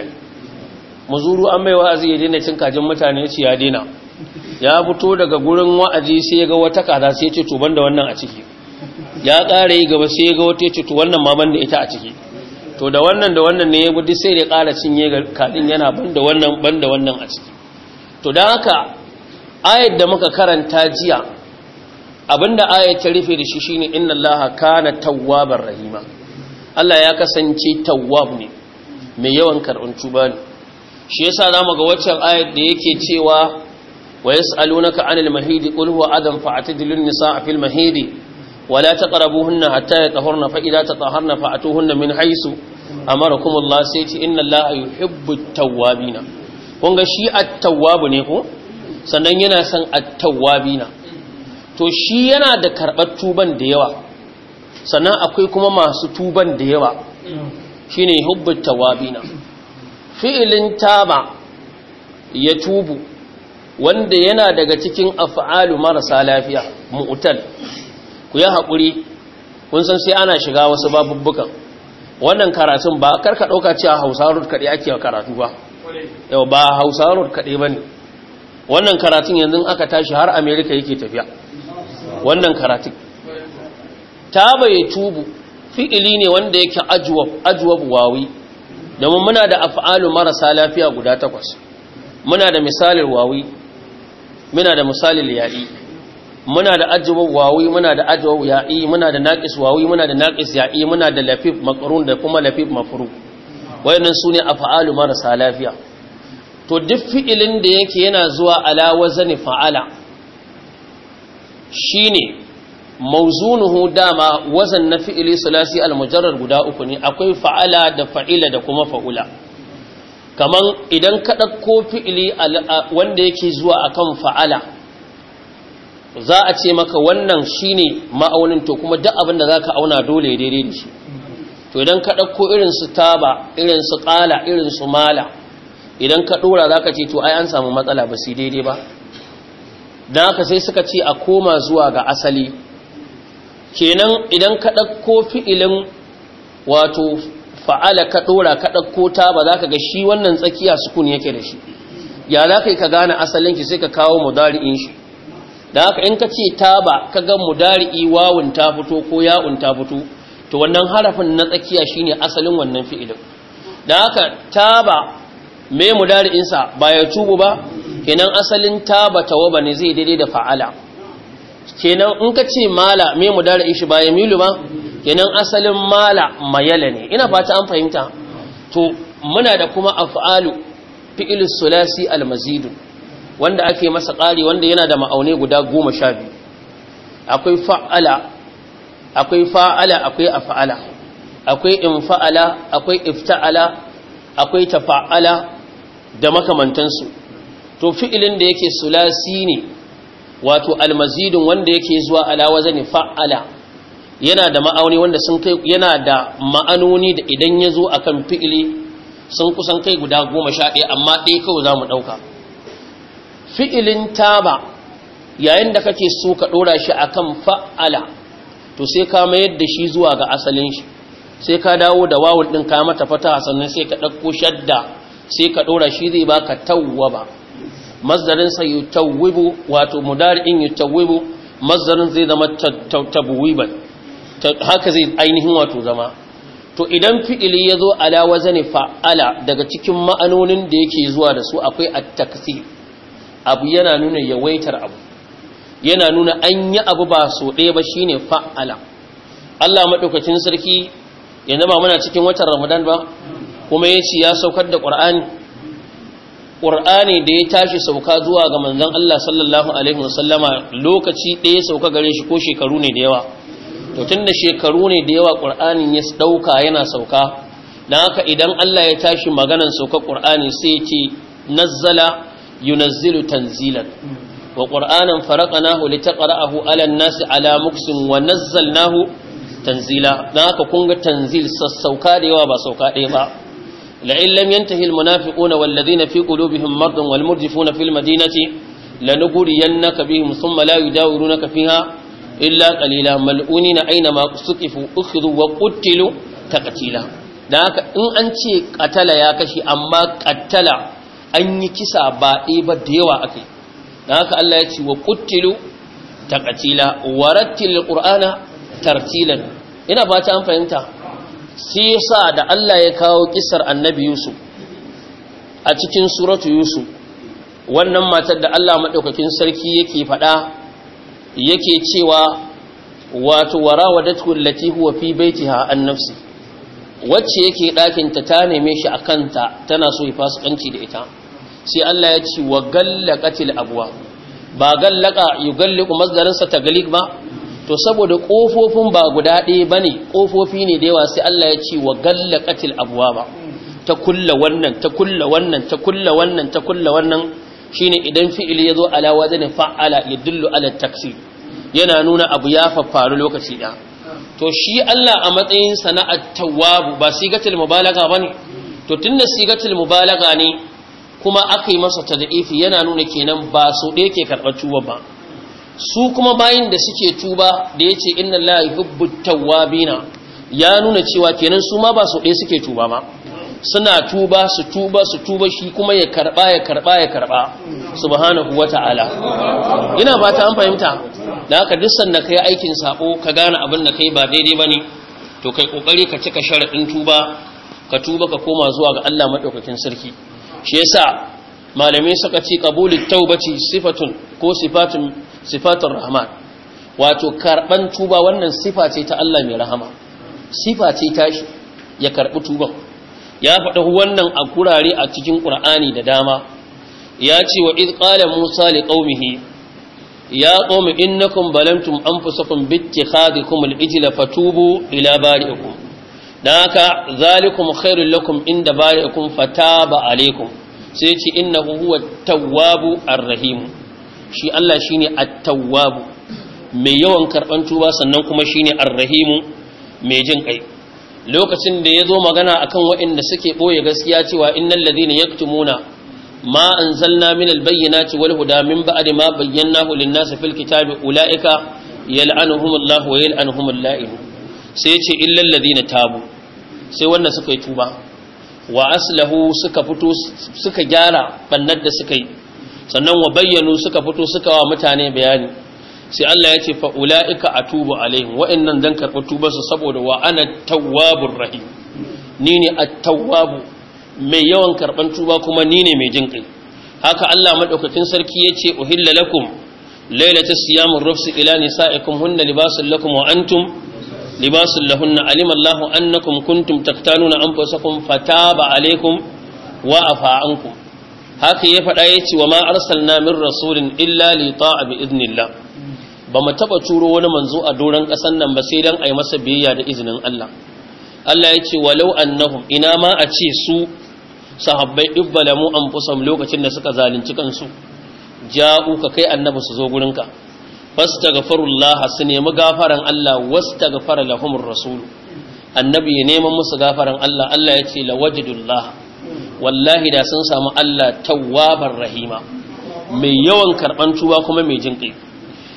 muzuru an mai wa'azi ya daina cin kajin mutane ya ce ya daina ya fito daga gurin wa'azi sai ga wata kaza sai ce to banda wannan a ciki ya ƙara yi gaba sai ga wata ce to wannan ma banda ita a ciki to da wannan da wannan ne ya gudu sai da ƙara cinye kaɗin yana banda wannan banda wannan a ciki to don haka ayat da muka karanta jiya abinda ayat ta rufe da shi shine inna allaha kana tawwabar rahima Allah ya kasance tawwab ne mai yawan karɓar tuba ne shi yasa zamu ga waccan ayat da yake cewa wa yas'alunaka 'anil mahidi qul huwa adam fa'tadilun nisaa fil mahidi ولا تقربوهن حتى يطهرن فإذا تطهرن فأتوهن من حيث أمركم الله سيتي إن الله يحب التوابين kunga shi at ne ko sannan yana san at to shi yana da karbar tuban da yawa sannan akwai kuma masu tuban da yawa shine hubbut tawabina taba ya tubu wanda yana daga cikin af'alu marasa lafiya mu'tal ku yi hakuri, kun san sai ana shiga wasu babubbukan wannan karatun ba karka ɗauka cewa a road ake karatu ba yau ba hausa road kaɗai ba ne wannan karatun yanzu aka tashi har amerika yake tafiya wannan karatun ta bai tubu fi'ili ne wanda yake ajuwab wawi domin muna da af'alu marasa lafiya guda takwas muna da misalin wawi muna da misalil ya'i muna da ajwa wawi muna da ajwa ya'i muna da naqis wawi muna da naqis ya'i muna da lafif maqrun da kuma lafif mafru wayannan sune af'alu marasa lafiya to duk fi'ilin da yake yana zuwa ala wazni fa'ala shine mawzunuhu dama wazan na fi'ili sulasi al-mujarrad guda uku ne akwai fa'ala da fa'ila da kuma fa'ula kaman idan ka ɗauko fi'ili wanda yake zuwa akan fa'ala za a ce maka wannan shine ma'aunin to kuma duk abin da za ka auna dole daidai da shi to idan ka ɗauko irin su taba irin su ƙala irin su mala idan ka ɗora za ka ce to ai an samu matsala ba su daidai ba don haka sai suka ce a koma zuwa ga asali kenan idan ka ɗauko fi'ilin wato fa'ala ka ɗora ka ɗauko ta ba za ka ga shi wannan tsakiya sukun yake da shi ya za ka yi ka gane asalinki sai ka kawo mudari'in shi da haka in ka ce ta ba ka ga mudari'i wawun ta fito ko ya'un ta fito to wannan harafin na tsakiya shine asalin wannan fi'ilin da haka ta ba me mudari'insa ba ya tubu ba kenan asalin ta ba ne zai daidai da fa'ala kenan in ka ce mala me mudari'in shi ba ya milu ba kenan asalin mala mayala ne ina fata an fahimta to muna da kuma af'alu fi'il sulasi almazidu wanda ake masa ƙari wanda yana da ma'aune guda goma sha biyu akwai fa'ala akwai fa'ala akwai af'ala akwai infa'ala akwai ifta'ala akwai tafa'ala da makamantan su to fi'ilin da yake sulasi ne wato almazidun wanda yake zuwa ala wazani fa'ala yana da ma'auni wanda sun kai yana da ma'anoni da idan ya zo a kan fi'ili sun kusan kai guda goma sha ɗaya amma ɗaya kawai za mu ɗauka fi'ilin taba yayin da kake so ka ɗora shi a kan fa'ala to sai ka mayar da shi zuwa ga asalin shi sai ka dawo da wawul ɗin ka mata fata sannan sai ka ɗauko shadda sai ka ɗora shi zai baka tawwaba mazdarinsa yutawwibu wato mudari'in yutawwibu mazdarin zai zama tabwiban haka zai ainihin wato zama to idan fi'ili ya zo ala wazani fa'ala daga cikin ma'anonin da yake zuwa da su akwai at abu yana nuna yawaitar abu yana nuna an yi abu ba so ɗaya ba shine fa'ala Allah madaukakin sarki yanzu ba muna cikin watan Ramadan ba kuma yace ya saukar da Ƙur'ani. Qur'ani da ya tashi sauka zuwa ga manzon Allah sallallahu alaihi wasallama lokaci ɗaya sauka gare shi ko shekaru ne da yawa to da shekaru ne da yawa ƙur'anin ya ɗauka yana sauka dan haka idan Allah ya tashi maganan sauka ƙur'ani sai ya ce nazzala yunazzilu tanzilan wa faraƙa nahu litaqra'ahu 'ala an-nasi 'ala muksin wa nahu tanzila dan haka kun ga tanzil sassauka da yawa ba sauka ɗaya ba la'in lam yantahi al-munafiquna fi qulubihim maradun wal-murjifuna fil madinati lanughriyannaka bihim thumma la yudawirunaka fiha illa qalila mal'unina aina ma suqifu ukhru wa qutilu taqtila dan haka in an ce qatala ya kashi amma qatala an yi kisa ba ɗaya ba da yawa akai dan haka Allah ya ce wa qutilu taqtila warattil qur'ana tartilan ina ba ta an fahimta shi yasa da Allah ya kawo kisar annabi Yusuf a cikin suratu Yusuf wannan matar da Allah madaukakin sarki yake faɗa yake cewa wato warawadatu allati huwa fi baitiha an nafsi wacce yake ɗakin ta ta neme shi a kanta tana so ya fasikanci da ita sai Allah ya ce wa gallaqatil abwa ba gallaqa yugalliqu masdarin sa tagliq ba to saboda ƙofofin ba guda ɗaya bane ƙofofi ne da yawa sai Allah ya ce wa gallaqatil abwa ba ta kulla wannan ta kulla wannan ta kulla wannan ta kulla wannan shine idan fi'ili yazo ala wazanin fa'ala yadullu ala taksir yana nuna abu ya faru lokaci da to shi Allah a matsayin sana'at tawwab ba sigatul mubalagha bane to tunda sigatul mubalaga ne kuma aka yi masa tad'ifi yana nuna kenan ba so da yake karɓar tuba ba su kuma bayin da suke tuba da yace inna lillahi hubbut tawwabina ya nuna cewa kenan su ma ba so da suke tuba ba suna tuba su tuba su tuba shi kuma ya karba ya karba ya karba subhanahu wata'ala ina ba ta an fahimta da aka duk sanda kai aikin sako ka gane abin da kai ba daidai ba ne to kai kokari ka cika sharadin tuba ka tuba ka koma zuwa ga Allah madaukakin sarki shi yasa malamai suka ce qabulut taubati sifatun ko sifatun sifatur rahman wato karban tuba wannan sifa ce ta Allah mai rahama sifa ce tashi ya karbi tuban ya faɗa wannan a kurare a cikin ƙur'ani da dama ya ce wa iz musa li qaumihi ya qaumi innakum balamtum anfusakum bi ittikhadikum kuma ijla fatubu ila bari'ikum dan haka zalikum khairul lakum inda fata ba alaikum sai ce inna huwa tawwabu arrahimu. shi Allah shine at-tawwabu mai yawan karɓan tuba sannan kuma shine ne Arrahimu? mai jin kai lokacin da ya zo magana akan waɗanda suke ɓoye gaskiya cewa innal ya yaktumuna ma anzalna min albayyinati wal huda min ba'di ma bayyanahu lin-nasi fil kitabi ulaika yal'anuhumullahu wa yal'anuhumul la'in sai ya ce illal ladhina tabu sai wanda suka yi tuba wa aslahu suka fito suka gyara bannar da suka yi sannan wa bayyanu suka fito suka wa mutane bayani sai Allah ya ce fa ulaika atubu alaihim wa'annan dan karɓi su saboda wa ana tawwabur rahim ni ne at-tawwab mai yawan karban tuba kuma ni ne mai jinkai haka Allah madaukakin sarki yace uhilla lakum lailatus siyamur rufsi ila nisaikum hunna libasul lakum wa antum libasul lahunna alima Allahu annakum kuntum taqtanuna anfusakum fataba alaikum wa afa ankum haka ya faɗa yace wa ma arsalna min rasulin illa li ta'a bi idnillah ba mu taba turo wani manzo a doron ƙasar nan ba sai dan ai masa biyayya da izinin Allah Allah ya ce walau annahum ina ma a ce su sahabbai ibbalamu anfusahum lokacin da suka zalunci kansu ja'u ka kai annabi su zo gurinka fastaghfirullah su nemi gafaran Allah wastaghfara lahumur rasul annabi ya neman musu gafaran Allah Allah ya ce lawajidullah wallahi da sun samu Allah tawwabar rahima mai yawan karban tuba kuma mai jinƙai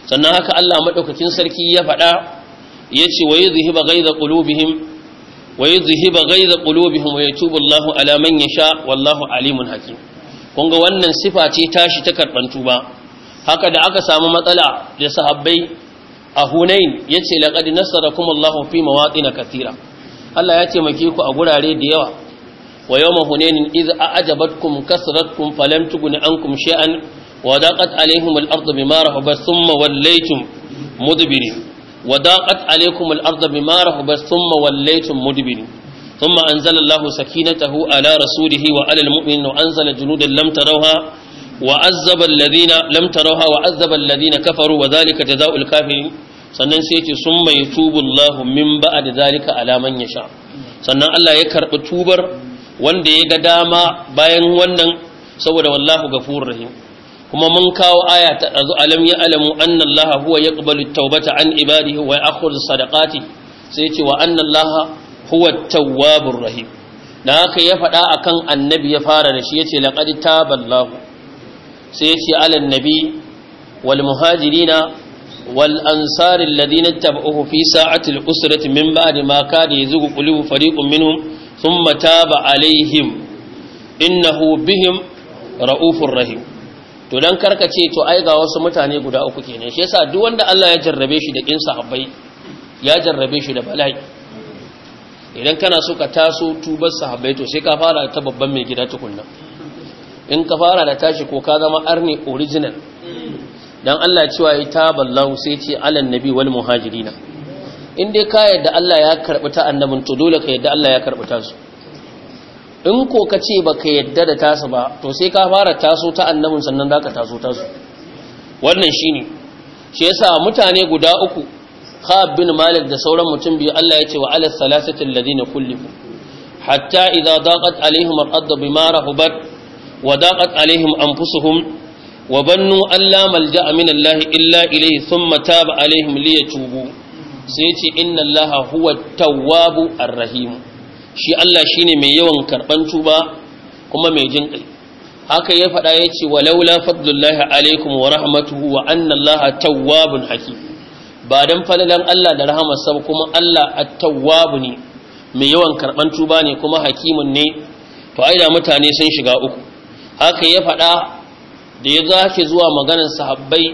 sannan haka Allah maɗaukakin sarki ya faɗa ce wa yuzhiba da qulubihim wa gai da qulubihim wa yatubu Allahu ala man sha wallahu alimun hakim kun ga wannan sifa ce tashi ta karbantu tuba haka da aka samu matsala da sahabbai a Hunain yace laqad kuma Allahu fi na katira Allah ya taimake ku a gurare da yawa wa yawma hunainin iz a'jabatkum kasratkum falam an ankum shian وضاقت عليهم الأرض بما رحبت ثم وليتم مدبرين وضاقت عليكم الأرض بما رحبت ثم وليتم مدبرين ثم أنزل الله سكينته على رسوله وعلى المؤمنين وأنزل جنودا لم تروها وعذب الذين لم تروها وعذب الذين كفروا وذلك جزاء الكافرين sannan sai ce sun mai tubullahu min ba'a da zalika alaman ya sha sannan Allah ya karɓi tubar wanda ya ga dama bayan wannan saboda wallahu gafurur rahim kuma mun kawo aya ta dazu alam ya alamu anna allaha huwa yaqbalu at-taubata an ibadihi wa ya'khudhu sadaqati sai ya ce wa anna allaha huwa tawwabur rahim da haka ya faɗa akan annabi ya fara da shi yace laqad taballahu sai ya ce alan nabi wal muhajirina wal ansari alladhina tabauhu fi sa'ati usrati min ba'di ma kada yazugu qulubu fariqun minhum thumma taba alaihim innahu bihim ra'ufur rahim to dan karkace to ai ga wasu mutane guda uku kenan shi yasa duk wanda Allah ya jarrabe shi da kin sahabbai ya jarrabe shi da bala'i idan kana so ka taso tubar sahabbai to sai ka fara ta babban mai gida tukunna in ka fara da tashi ko ka zama arni original dan Allah cewa ya taballahu sai ce alan nabi wal muhajirina in dai ka yadda Allah ya karbi ta annabin to dole ka yadda Allah ya karbi ta su in ko ka ce ba ka yadda da tasa ba to sai ka fara taso ta annabin sannan za ka taso tasu wannan shi ne shi sa mutane guda uku khab bin malik da sauran mutum biyu allah ya ce wa alas salasatin ladina kullifu hatta idza daqat alaihim al-ardu bima rahabat wa daqat alaihim anfusuhum wa bannu alla malja'a min allah illa ilayhi thumma taba alaihim liyatubu sai ce inna allaha huwa at-tawwabu ar shi Allah shine mai yawan karɓan tuba kuma mai jin kai haka ya faɗa ya ce walaula fadlullahi alaikum wa rahmatuhu wa anna allaha tawwabun hakim ba dan falalan Allah da rahamarsa kuma Allah at ne mai yawan karɓan tuba ne kuma hakimun ne to aida mutane sun shiga uku haka ya faɗa da ya zafi zuwa maganar sahabbai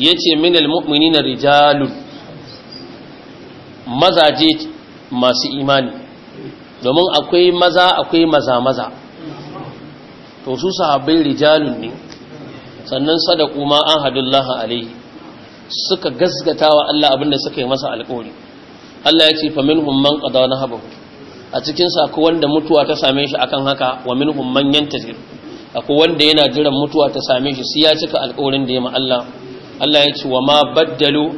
yace minal mu'minina rijalun mazaje masu imani domin akwai maza akwai maza maza to su sahabbai rijalun ne sannan sadaku ma an hadullahi alaihi suka gasgata wa Allah abinda suka yi masa alƙawari Allah ya ce fa minhum man qada nahabahu a cikin ko wanda mutuwa ta same shi akan haka wa minhum man yantazir akwai wanda yana jiran mutuwa ta same shi sai ya cika alƙawarin da ya ma Allah Allah ya ce wa ma baddalu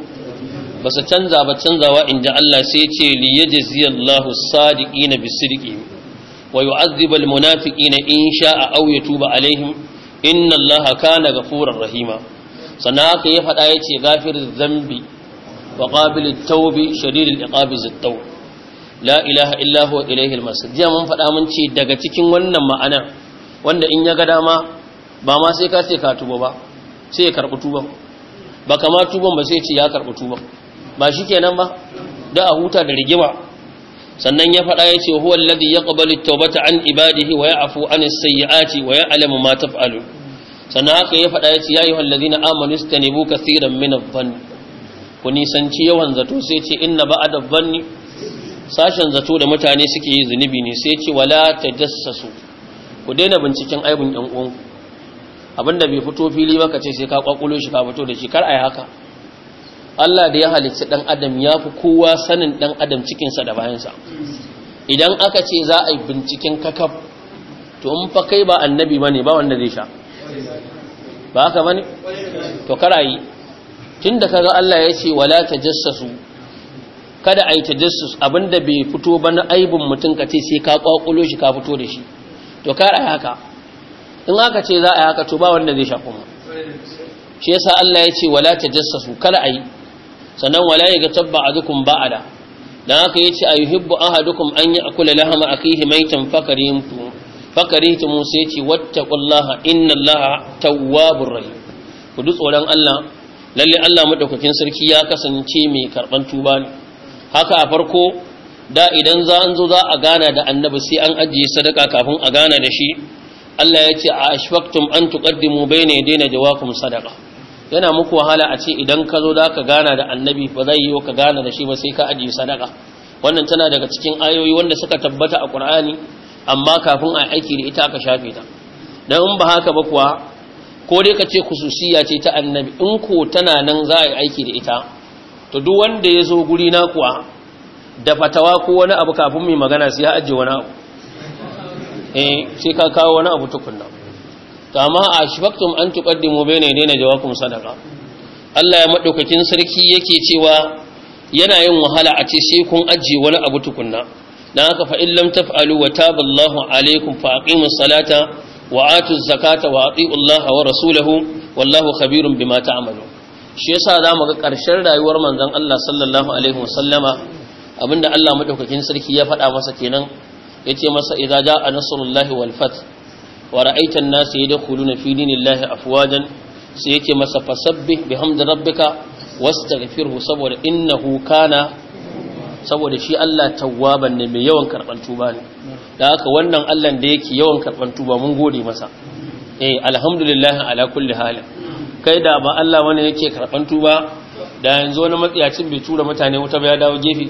ba su canza ba canzawa in ji Allah sai ce li yajzi Allahu sadiqina bisidqi wa yu'adhibu na in sha'a aw yatuba alaihim inna Allaha kana ghafurar rahima sannan haka ya faɗa ya ce ghafir dhanbi wa qabil at-tawb shadid al-iqab la ilaha illa huwa ilayhi al-masir jiya mun faɗa mun ce daga cikin wannan ma'anar wanda in ya ga dama ba ma sai ka ce ka tuba ba sai ya karɓi tuban ba kama tuban ba sai ce ya karɓi tuban ba shi kenan ba da a huta da rigima sannan ya faɗa ya ce huwa alladhi yaqbalu at-taubata an ibadihi wa ya'fu an as-sayyi'ati wa ya'lamu ma taf'alu sannan haka ya faɗa ya ce ya ayyuhal alladhina amanu istanibu kaseeran min adh-dhann ku nisanci yawan zato sai ce inna ba'da adh-dhanni sashen zato da mutane suke yi zunubi ne sai ce wala tajassasu ku daina binciken aibun ɗan uwanku abinda bai fito fili ba ka ce sai ka kwakulo shi ka fito da shi kar ai haka Allah da ya halicci ɗan adam ya fi kowa sanin ɗan adam cikinsa da bayansa idan aka ce za a yi binciken kakaf to in fa kai ba annabi ne ba wanda zai sha ba haka ne? to karayi tunda kaga Allah ya ce wala jassasu kada a yi ta jassasu abinda bai fito ba na aibin mutum ka ce sai ka kwakulo shi ka fito da shi to karayi haka in aka ce za a yi haka to ba wanda zai sha kuma shi yasa Allah ya ce wala jassasu kada a yi. sannan wala ya ga tabba a dukun ba'ada da haka ya ce a yi hibbu an hadukum an yi kula lahama a kai himaitin fakari ta musa ya ce wata ƙullaha inna laha wabin rai ku duk tsoron allah lalle allah maɗaukakin sarki ya kasance mai karɓar tuba ne haka a farko da idan za an zo za a gana da annabi sai an ajiye sadaka kafin a gana da shi allah ya ce a ashfaktum an tuqaddimu bayna yadayna jawakum sadaka. yana muku wahala a ce idan ka zo da ka gana da annabi ba zai yiwu ka gana da shi ba sai ka ajiye sadaka wannan tana daga cikin ayoyi wanda suka tabbata a Qur'ani amma kafin a aiki da ita aka shafe ta dan in ba haka ba kuwa ko dai ka ce khususiyya ce ta annabi in ko tana nan za a yi aiki da ita to duk wanda ya zo guri na kuwa da fatawa ko wani abu kafin mai magana sai ya ajiye wani abu eh sai ka kawo wani abu tukunna to amma a shifaktum an tuqaddimu bayna daina jawakun sadaka. Allah ya maɗaukakin sarki yake cewa yana yin wahala a ce sai kun ajiye wani abu tukunna dan haka fa in taf'alu wa taballahu alaikum fa salata wa atuz zakata wa ati'u Allah wa rasulahu wallahu khabirun bima ta'malun shi yasa zamu ga karshen rayuwar manzon Allah sallallahu alaihi abinda Allah maɗaukakin sarki ya faɗa masa kenan yace masa idza jaa nasrullahi wal fath wa ra'aitan nasu yadkhuluna fi dinillahi afwajan sai yake masa fasabbi bihamdi rabbika wastaghfirhu saboda innahu kana saboda shi Allah tawwaban ne mai yawan karban tuba ne da haka wannan Allah da yake yawan karban tuba mun gode masa eh alhamdulillah ala kulli halin kai da ba Allah wani yake karban tuba da yanzu wani matsiyacin bai tura mutane wuta ba ya dawo gefe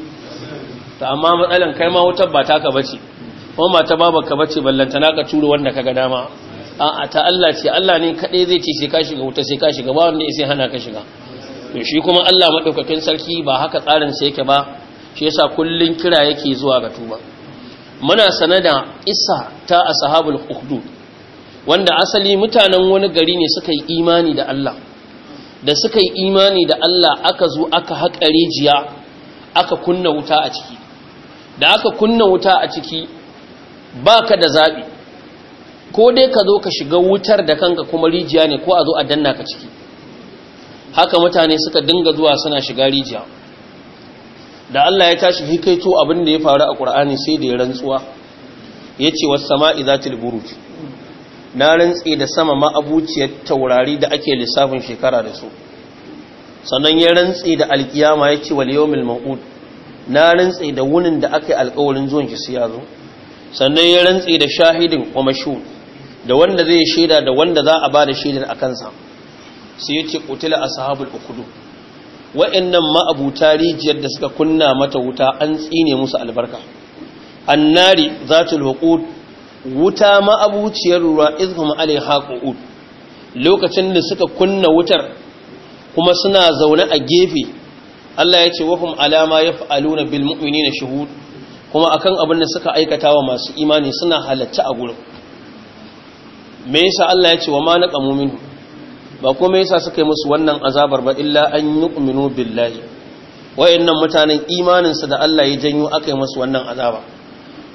to amma matsalan kai ma wutar ba taka bace ko mata ba baka bace ballantana ka turo wanda kaga dama a'a ta Allah ce Allah ne kadai zai ci sai ka shiga wuta sai ka shiga ba wanda sai hana ka shiga to shi kuma Allah madaukakin sarki ba haka tsarin sa yake ba shi yasa kullun kira yake zuwa ga tuba muna sanada isa ta ashabul ukhdud wanda asali mutanen wani gari ne suka yi imani da Allah da suka yi imani da Allah aka zo aka haƙa jiya aka kunna wuta a ciki da aka kunna wuta a ciki baka da zabi ko dai ka zo ka shiga wutar da kanka kuma rijiya ne ko a zo a danna ka ciki haka mutane suka dinga zuwa suna shiga rijiya da Allah ya tashi hikaito abin da ya faru a Qur'ani sai da ya rantsuwa yace was sama'i zatil buruj na rantsi da sama ma taurari da ake lissafin shekara da su sannan ya rantsi da alkiyama yace wal yawmil maud na rantsi da wunin da aka yi alƙawarin zuwan shi sai ya zo sannan ya rantse da shahidin wa da wanda zai shaida da wanda za a ba da shaidar a kansa sai yace qutila ashabul kudu. wa'annan ma'abuta rijiyar da suka kunna mata wuta an tsine musu albarka annari zatul huqud wuta ma'abuciyar ruwa izhum alaiha qu'ud lokacin da suka kunna wutar kuma suna zaune a gefe Allah ya ce wahum alama yaf'aluna bil mu'minina shuhud kuma akan abin da suka aikata wa masu imani suna halatta a gurin me yasa Allah ya ce wa ma naqamu minhu ba kuma yasa suka yi musu wannan azabar ba illa an yu'minu billahi wayannan mutanen imanin su da Allah ya janyo aka yi musu wannan azaba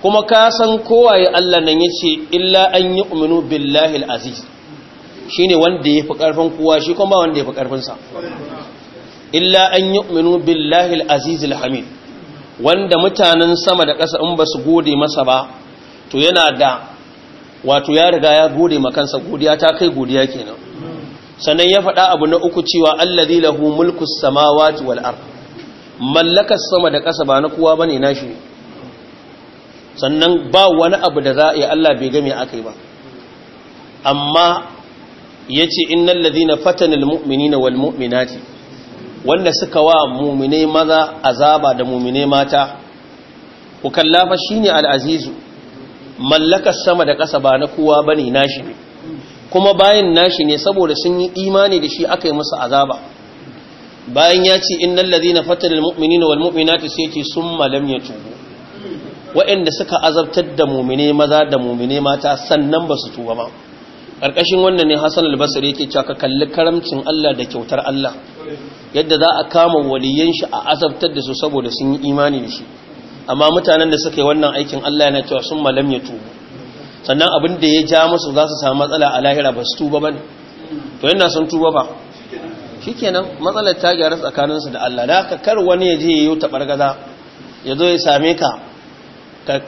kuma ka san kowaye Allah nan yace illa an yu'minu billahi al-aziz shine wanda yafi karfin kowa shi kuma ba wanda yafi karfin sa illa an yu'minu billahi al-aziz al-hamid wanda mutanen sama da ƙasa in ba su gode masa ba to yana da wato ya riga ya gode makansa godiya ta kai godiya kenan sannan ya faɗa abu na uku cewa allazi lahu mulku samawati wal ard mallakar sama da ƙasa ba na kowa bane nashi sannan ba wani abu da za a yi Allah bai game akai ba amma yace innal ladina fatanal mu'minina wal mu'minati wanda suka wa mumine maza azaba da mumine mata ku kalla fa shine al mallakar sama da ƙasa ba na kowa bane nashi ne kuma bayan nashi ne saboda sun yi imani da shi aka yi musu azaba bayan ya ce na ladina fatalul mu'minina wal mu'minati sai ce malam ya yatubu wa'anda suka azabtar da mu'mine maza da mu'mine mata sannan ba su tuba ba Ƙarƙashin wannan ne Hassan al yake cewa ka kalli karamcin Allah da kyautar Allah yadda za a kama waliyan shi a azabtar da su saboda sun yi imani da shi amma mutanen da suka yi wannan aikin Allah yana cewa sun malam ya tubu sannan abin da ya ja musu za su samu matsala a lahira ba su tuba ba ne to yana sun tuba ba shikenan matsalar ta gyara tsakaninsu da Allah da ka kar wani ya je ya yi taɓargaza ya zo ya same ka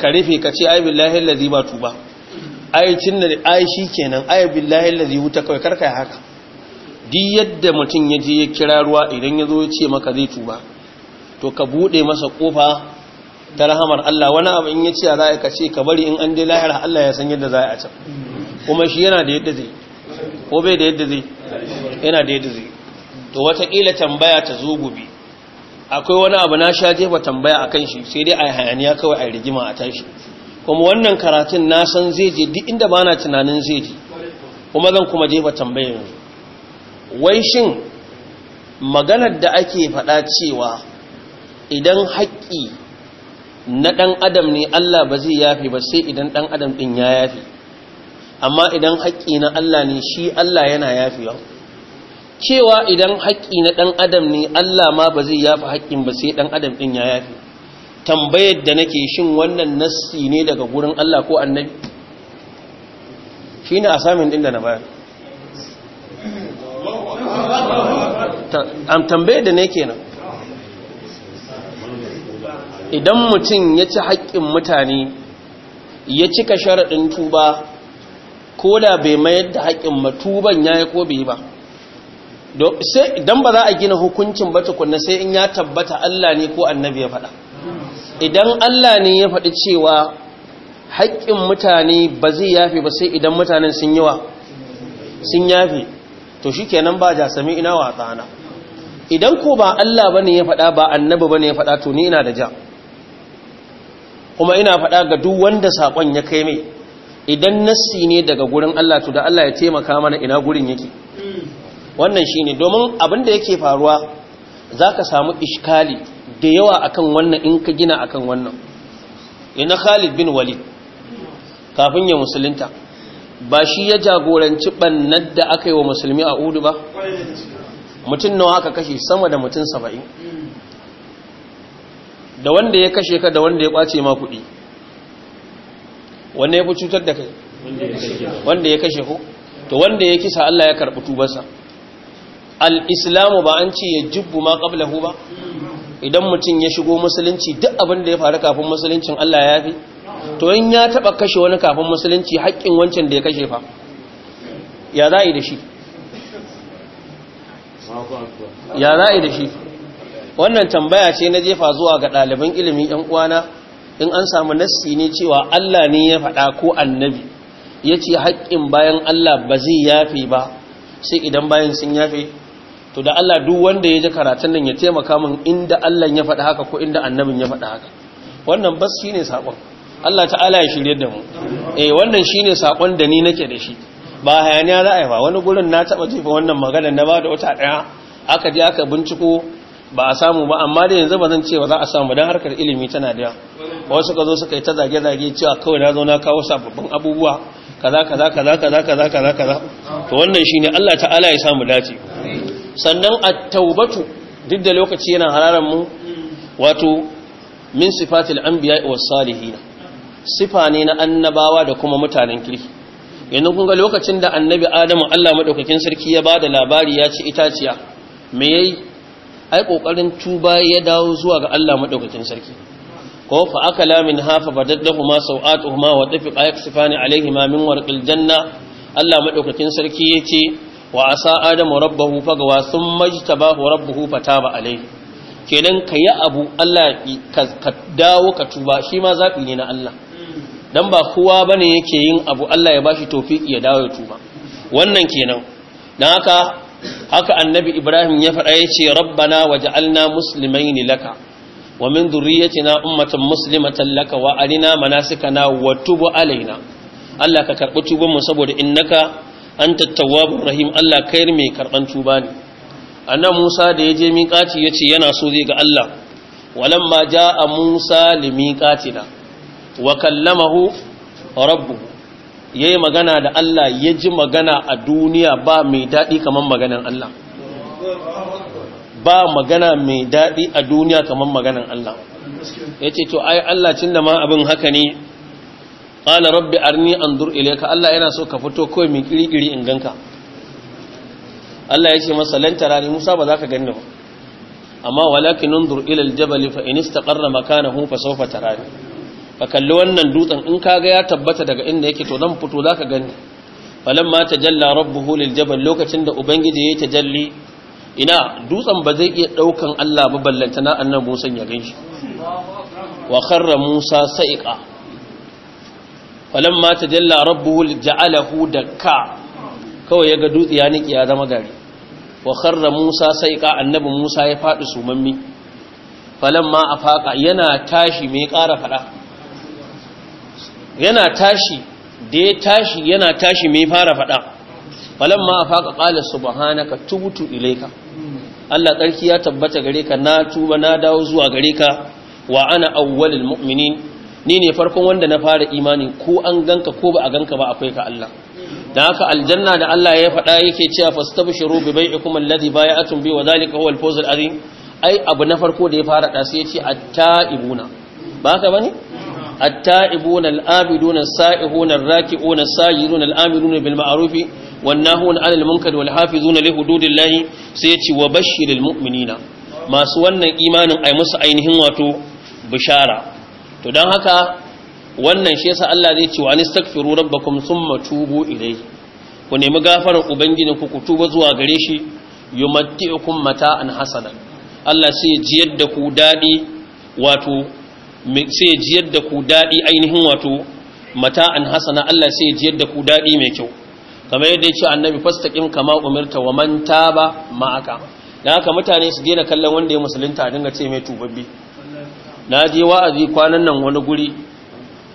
ka rufe ka ce ai billahi allazi ba tuba ai cin da ai shikenan ai billahi allazi wuta kai yi haka Di yadda mutum ya je ya kira ruwa idan ya zo ya ce maka zai tuba to ka bude masa kofa ta rahamar Allah wani abu in ya ce za a ka ce ka bari in an je lahira Allah ya san yadda za a can kuma shi yana da yadda zai ko bai da yadda zai yana da yadda zai to watakila tambaya ta zo gobe akwai wani abu na sha jefa tambaya a kan shi sai dai a yi hayaniya kawai a yi rigima a tashi kuma wannan karatun na san zai je duk inda ba na tunanin zai je kuma zan kuma jefa tambaya yanzu wai shin maganar da ake faɗa cewa idan haƙƙi na ɗan adam ne Allah ba zai yafi ba sai idan ɗan adam ɗin ya yafi amma idan haƙƙi na Allah ne shi Allah yana yafiwa cewa idan haƙƙi na ɗan adam ne Allah ma ba zai yafi haƙƙin ba sai ɗan adam ɗin ya yafi tambayar da nake shin wannan nassi ne daga gurin Allah ko annabi Shi a asamin ɗin da na bayar an tambaye da ne kenan idan mutum ya ci haƙƙin mutane ya cika sharaɗin tuba ko da bai mayar da haƙƙin matuban ya yi ko bai ba idan ba za a gina hukuncin ba tukunna sai in ya tabbata Allah ne ko annabi ya faɗa idan Allah ne ya faɗi cewa haƙƙin mutane ba zai yafe ba sai idan mutanen sun yawa sun yafe to shikenan ba ja sami ina wa tsana idan ko ba Allah ne ya faɗa ba annabi bane ya faɗa to ni ina da ja kuma ina faɗa ga duk wanda sakon ya kai mai idan nassi ne daga gurin Allah to da Allah ya taimaka mana ina gurin yake wannan shi ne domin abin da yake faruwa za ka samu Ishkali da yawa akan wannan in ka gina akan wannan ina Khalid bin Walid kafin ya musulunta ba shi ya jagoranci bannar da aka yi wa musulmi a udu ba mutum nawa aka kashe sama da mutum saba'in da wanda ya kashe ka da wanda ya kwace ma kuɗi wanda ya fi cutar da kai wanda ya kashe ku to wanda ya kisa Allah ya karɓi tubarsa al-islamu ba an ce ya jibbu ma qablahu ba idan mutum ya shigo musulunci duk abin da ya faru kafin musuluncin Allah ya fi to in ya taba kashe wani kafin musulunci haƙƙin wancan da ya kashe fa ya za'i da shi ya za'i da shi wannan tambaya ce na jefa zuwa ga ɗaliban ilimin ‘yan uwana in an samu nassi ne cewa Allah ne ya faɗa ko annabi ya ce haƙƙin bayan Allah ba zai yafe ba sai idan bayan sun yafe to da Allah duk wanda ya ji karatun nan ya taimaka min inda Allah ya faɗa haka ko inda annabin ya faɗa haka wannan bas ne saƙon. Allah ta'ala ya shirye da mu eh wannan shine sakon da ni nake da shi ba hayaniya za a yi ba wani gurin na taba jefa wannan magana na ba da wata daya aka je aka binciko ba a samu ba amma da yanzu bazan zan ce ba za a samu Dan harkar ilimi tana da wasu ka zo suka yi ta zage-zage cewa kawai na zo na kawo sababbin abubuwa kaza kaza kaza kaza kaza kaza kaza to wannan shine Allah ta'ala ya samu dace sannan at-taubatu duk da lokaci yana hararan mu wato min sifatil anbiya'i was salihin sifa ne na annabawa da kuma mutanen kirki yanzu kun ga lokacin da annabi adamu Allah madaukakin sarki ya ba da labari ya ci itaciya me yayi ai kokarin tuba ya dawo zuwa ga Allah madaukakin sarki ko fa akala min hafa badadahuma huma wa tafiqa yaksifani ma min warqil janna Allah madaukakin sarki yace wa asa adamu rabbahu fagawa thumma ijtabahu rabbuhu fataba alaihi kenan kayi abu Allah ka dawo ka tuba shi ma zaɓi ne na Allah dan ba kowa bane yake yin abu Allah ya bashi tawfiki ya dawo ya tuba wannan kenan dan haka haka annabi Ibrahim ya faɗa yace rabbana waj'alna muslimaini laka wa min dhurriyyatina ummatan muslimatan laka wa arina manasikana wa tubu alaina Allah ka karbi tuban mu saboda innaka anta tawwabur rahim Allah kair mai karban tuba ne annabi Musa da yaje miƙaci yace yana so zai ga Allah walamma jaa Musa limiqatina wa kallamahu rabbuhu yayi magana da Allah ya ji magana a duniya ba mai daɗi kamar maganan Allah ba magana mai daɗi a duniya kamar maganan Allah ya to ai Allah cin ma abin haka ne qala rabbi arni an ilayka Allah yana so ka fito kawai mai kirikiri in ganka Allah ya ce masa lantara ni Musa ba za ka ganni ba amma walakin undur ila aljabal fa in istaqarra makanahu fa sawfa tarani ka kalli wannan dutsen in kaga ya tabbata daga inda yake to zan fito zaka gani falamma tajalla rabbuhu lil jabal lokacin da ubangiji ya tajalli ina dutsen ba zai iya daukan Allah ba ballanta na annabi Musa ya ganshi wa kharra Musa sa'iqa falamma tajalla rabbuhu ja'alahu dakka kawai yaga dutse ya niki ya zama gari wa kharra Musa sa'iqa annabi Musa ya fadi sumammi falamma afaqa yana tashi mai ƙara fada yana tashi da ya tashi yana tashi mai fara faɗa falon ma a faƙa ƙalar subhanaka tubutu ilaika Allah tsarki ya tabbata gare ka na tuba na dawo zuwa gare ka wa ana awwalul mu'minin ni ne farkon wanda na fara imani ko an ganka ko ba a ganka ba akwai ka Allah da haka aljanna da Allah ya faɗa yake cewa fastabshiru bi bai'ikum alladhi bay'atum bi wa dhalika huwa al azim ai abu na farko da ya fara da sai ya ce at-ta'ibuna ba ka bane التائبون الآبدون السائحون الراكعون الساجدون الآمرون بالمعروف والناهون عن المنكر والحافظون لحدود الله سيأتي وبشر المؤمنين ما سوانا إيمان أي مس عينهم واتو بشارة تدان هكا wannan shi yasa Allah zai ce wa anistaghfiru rabbakum thumma tubu ilayhi ku nemi gafarar ubangijin ku ku tuba zuwa gare shi yumatti'ukum mata'an hasanan Allah sai ya jiyar da ku dadi wato sai jiyar da ku daɗi ainihin wato mata an hasana Allah sai jiyar da ku daɗi mai kyau kamar yadda ya ce annabi fastaqim kama umirta wa man taba aka dan haka mutane su daina kallon wanda ya musulunta a dinga ce mai tubabbi na je wa'azi kwanan nan wani guri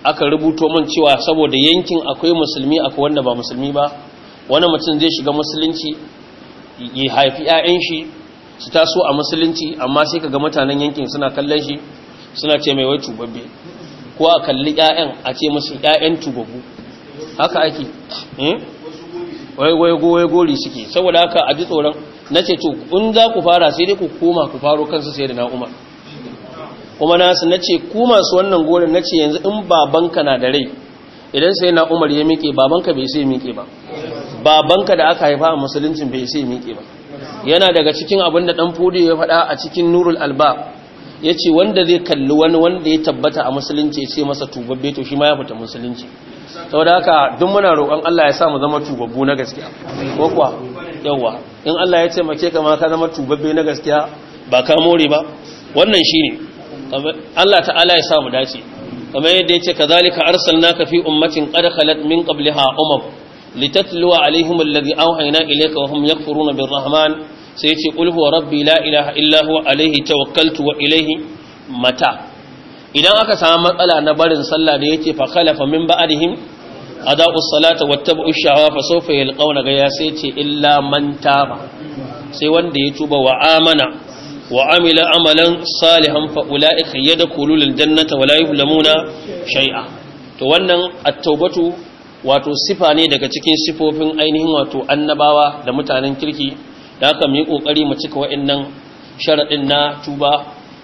aka rubuto mun cewa saboda yankin akwai musulmi akwai wanda ba musulmi ba wani mutum zai shiga musulunci ya haifi 'ya'yan shi su taso a musulunci amma sai kaga mutanen yankin suna kallon shi suna ce mai wai tubabbe ko a kalli ƴaƴan a ce musu ƴaƴan tubabbu. haka ake hmm? wai goye gori suke saboda haka a ji tsoron na ce to in za ku fara sai dai ku koma ku faro kansu sai da na'umar kuma nasu na ce ku masu wannan gorin na ce yanzu in babanka na da rai idan sai na'umar ya miƙe babanka bai sai miƙe ba babanka da aka haifa a musuluncin bai sai miƙe ba yana daga cikin abin da ɗan fudu ya faɗa a cikin nurul alba ya ce wanda zai kalli wani wanda ya tabbata a musulunci ya ce masa tubabbe to shi ma ya fita musulunci sau da haka duk muna roƙon Allah ya sa mu zama tubabbu na gaskiya ko kuwa yawa in Allah ya ce mace kama ka zama tubabbe na gaskiya ba ka more ba wannan shi ne Allah ta'ala ya sa mu dace kamar yadda ya ce ka kazalika arsalnaka fi ummatin qad khalat min qabliha umam litatluwa alaihim alladhi awhayna ilayka wa hum yakfuruna birrahman sai ce qul wa rabbi la ilaha illa huwa alaihi tawakkaltu wa ilaihi mata idan aka samu matsala na barin sallah da yake fa khalafa min ba'dihim adau salata wattabu ash-shahawa fa sawfa yalqawna gaya sai ce illa man taba sai wanda ya tuba wa amana wa amila amalan salihan fa ulaika yadkhulul jannata wa la yuzlamuna shay'a to wannan at-taubatu wato sifa ne daga cikin sifofin ainihin wato annabawa da mutanen kirki da haka mu yi kokari mu cika wa'annan sharadin na tuba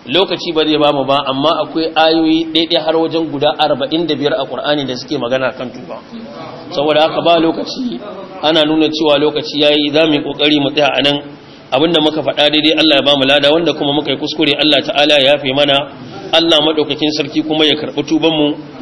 lokaci ba zai bamu ba amma akwai ayoyi daidai har wajen guda 45 a Qur'ani da suke magana kan tuba saboda haka ba lokaci ana nuna cewa lokaci yayi zamu yi kokari mu tsaya anan abinda muka faɗa daidai Allah ya bamu lada wanda kuma muka yi kuskure Allah ta'ala ya yafe mana Allah madaukakin sarki kuma ya karɓi tuban mu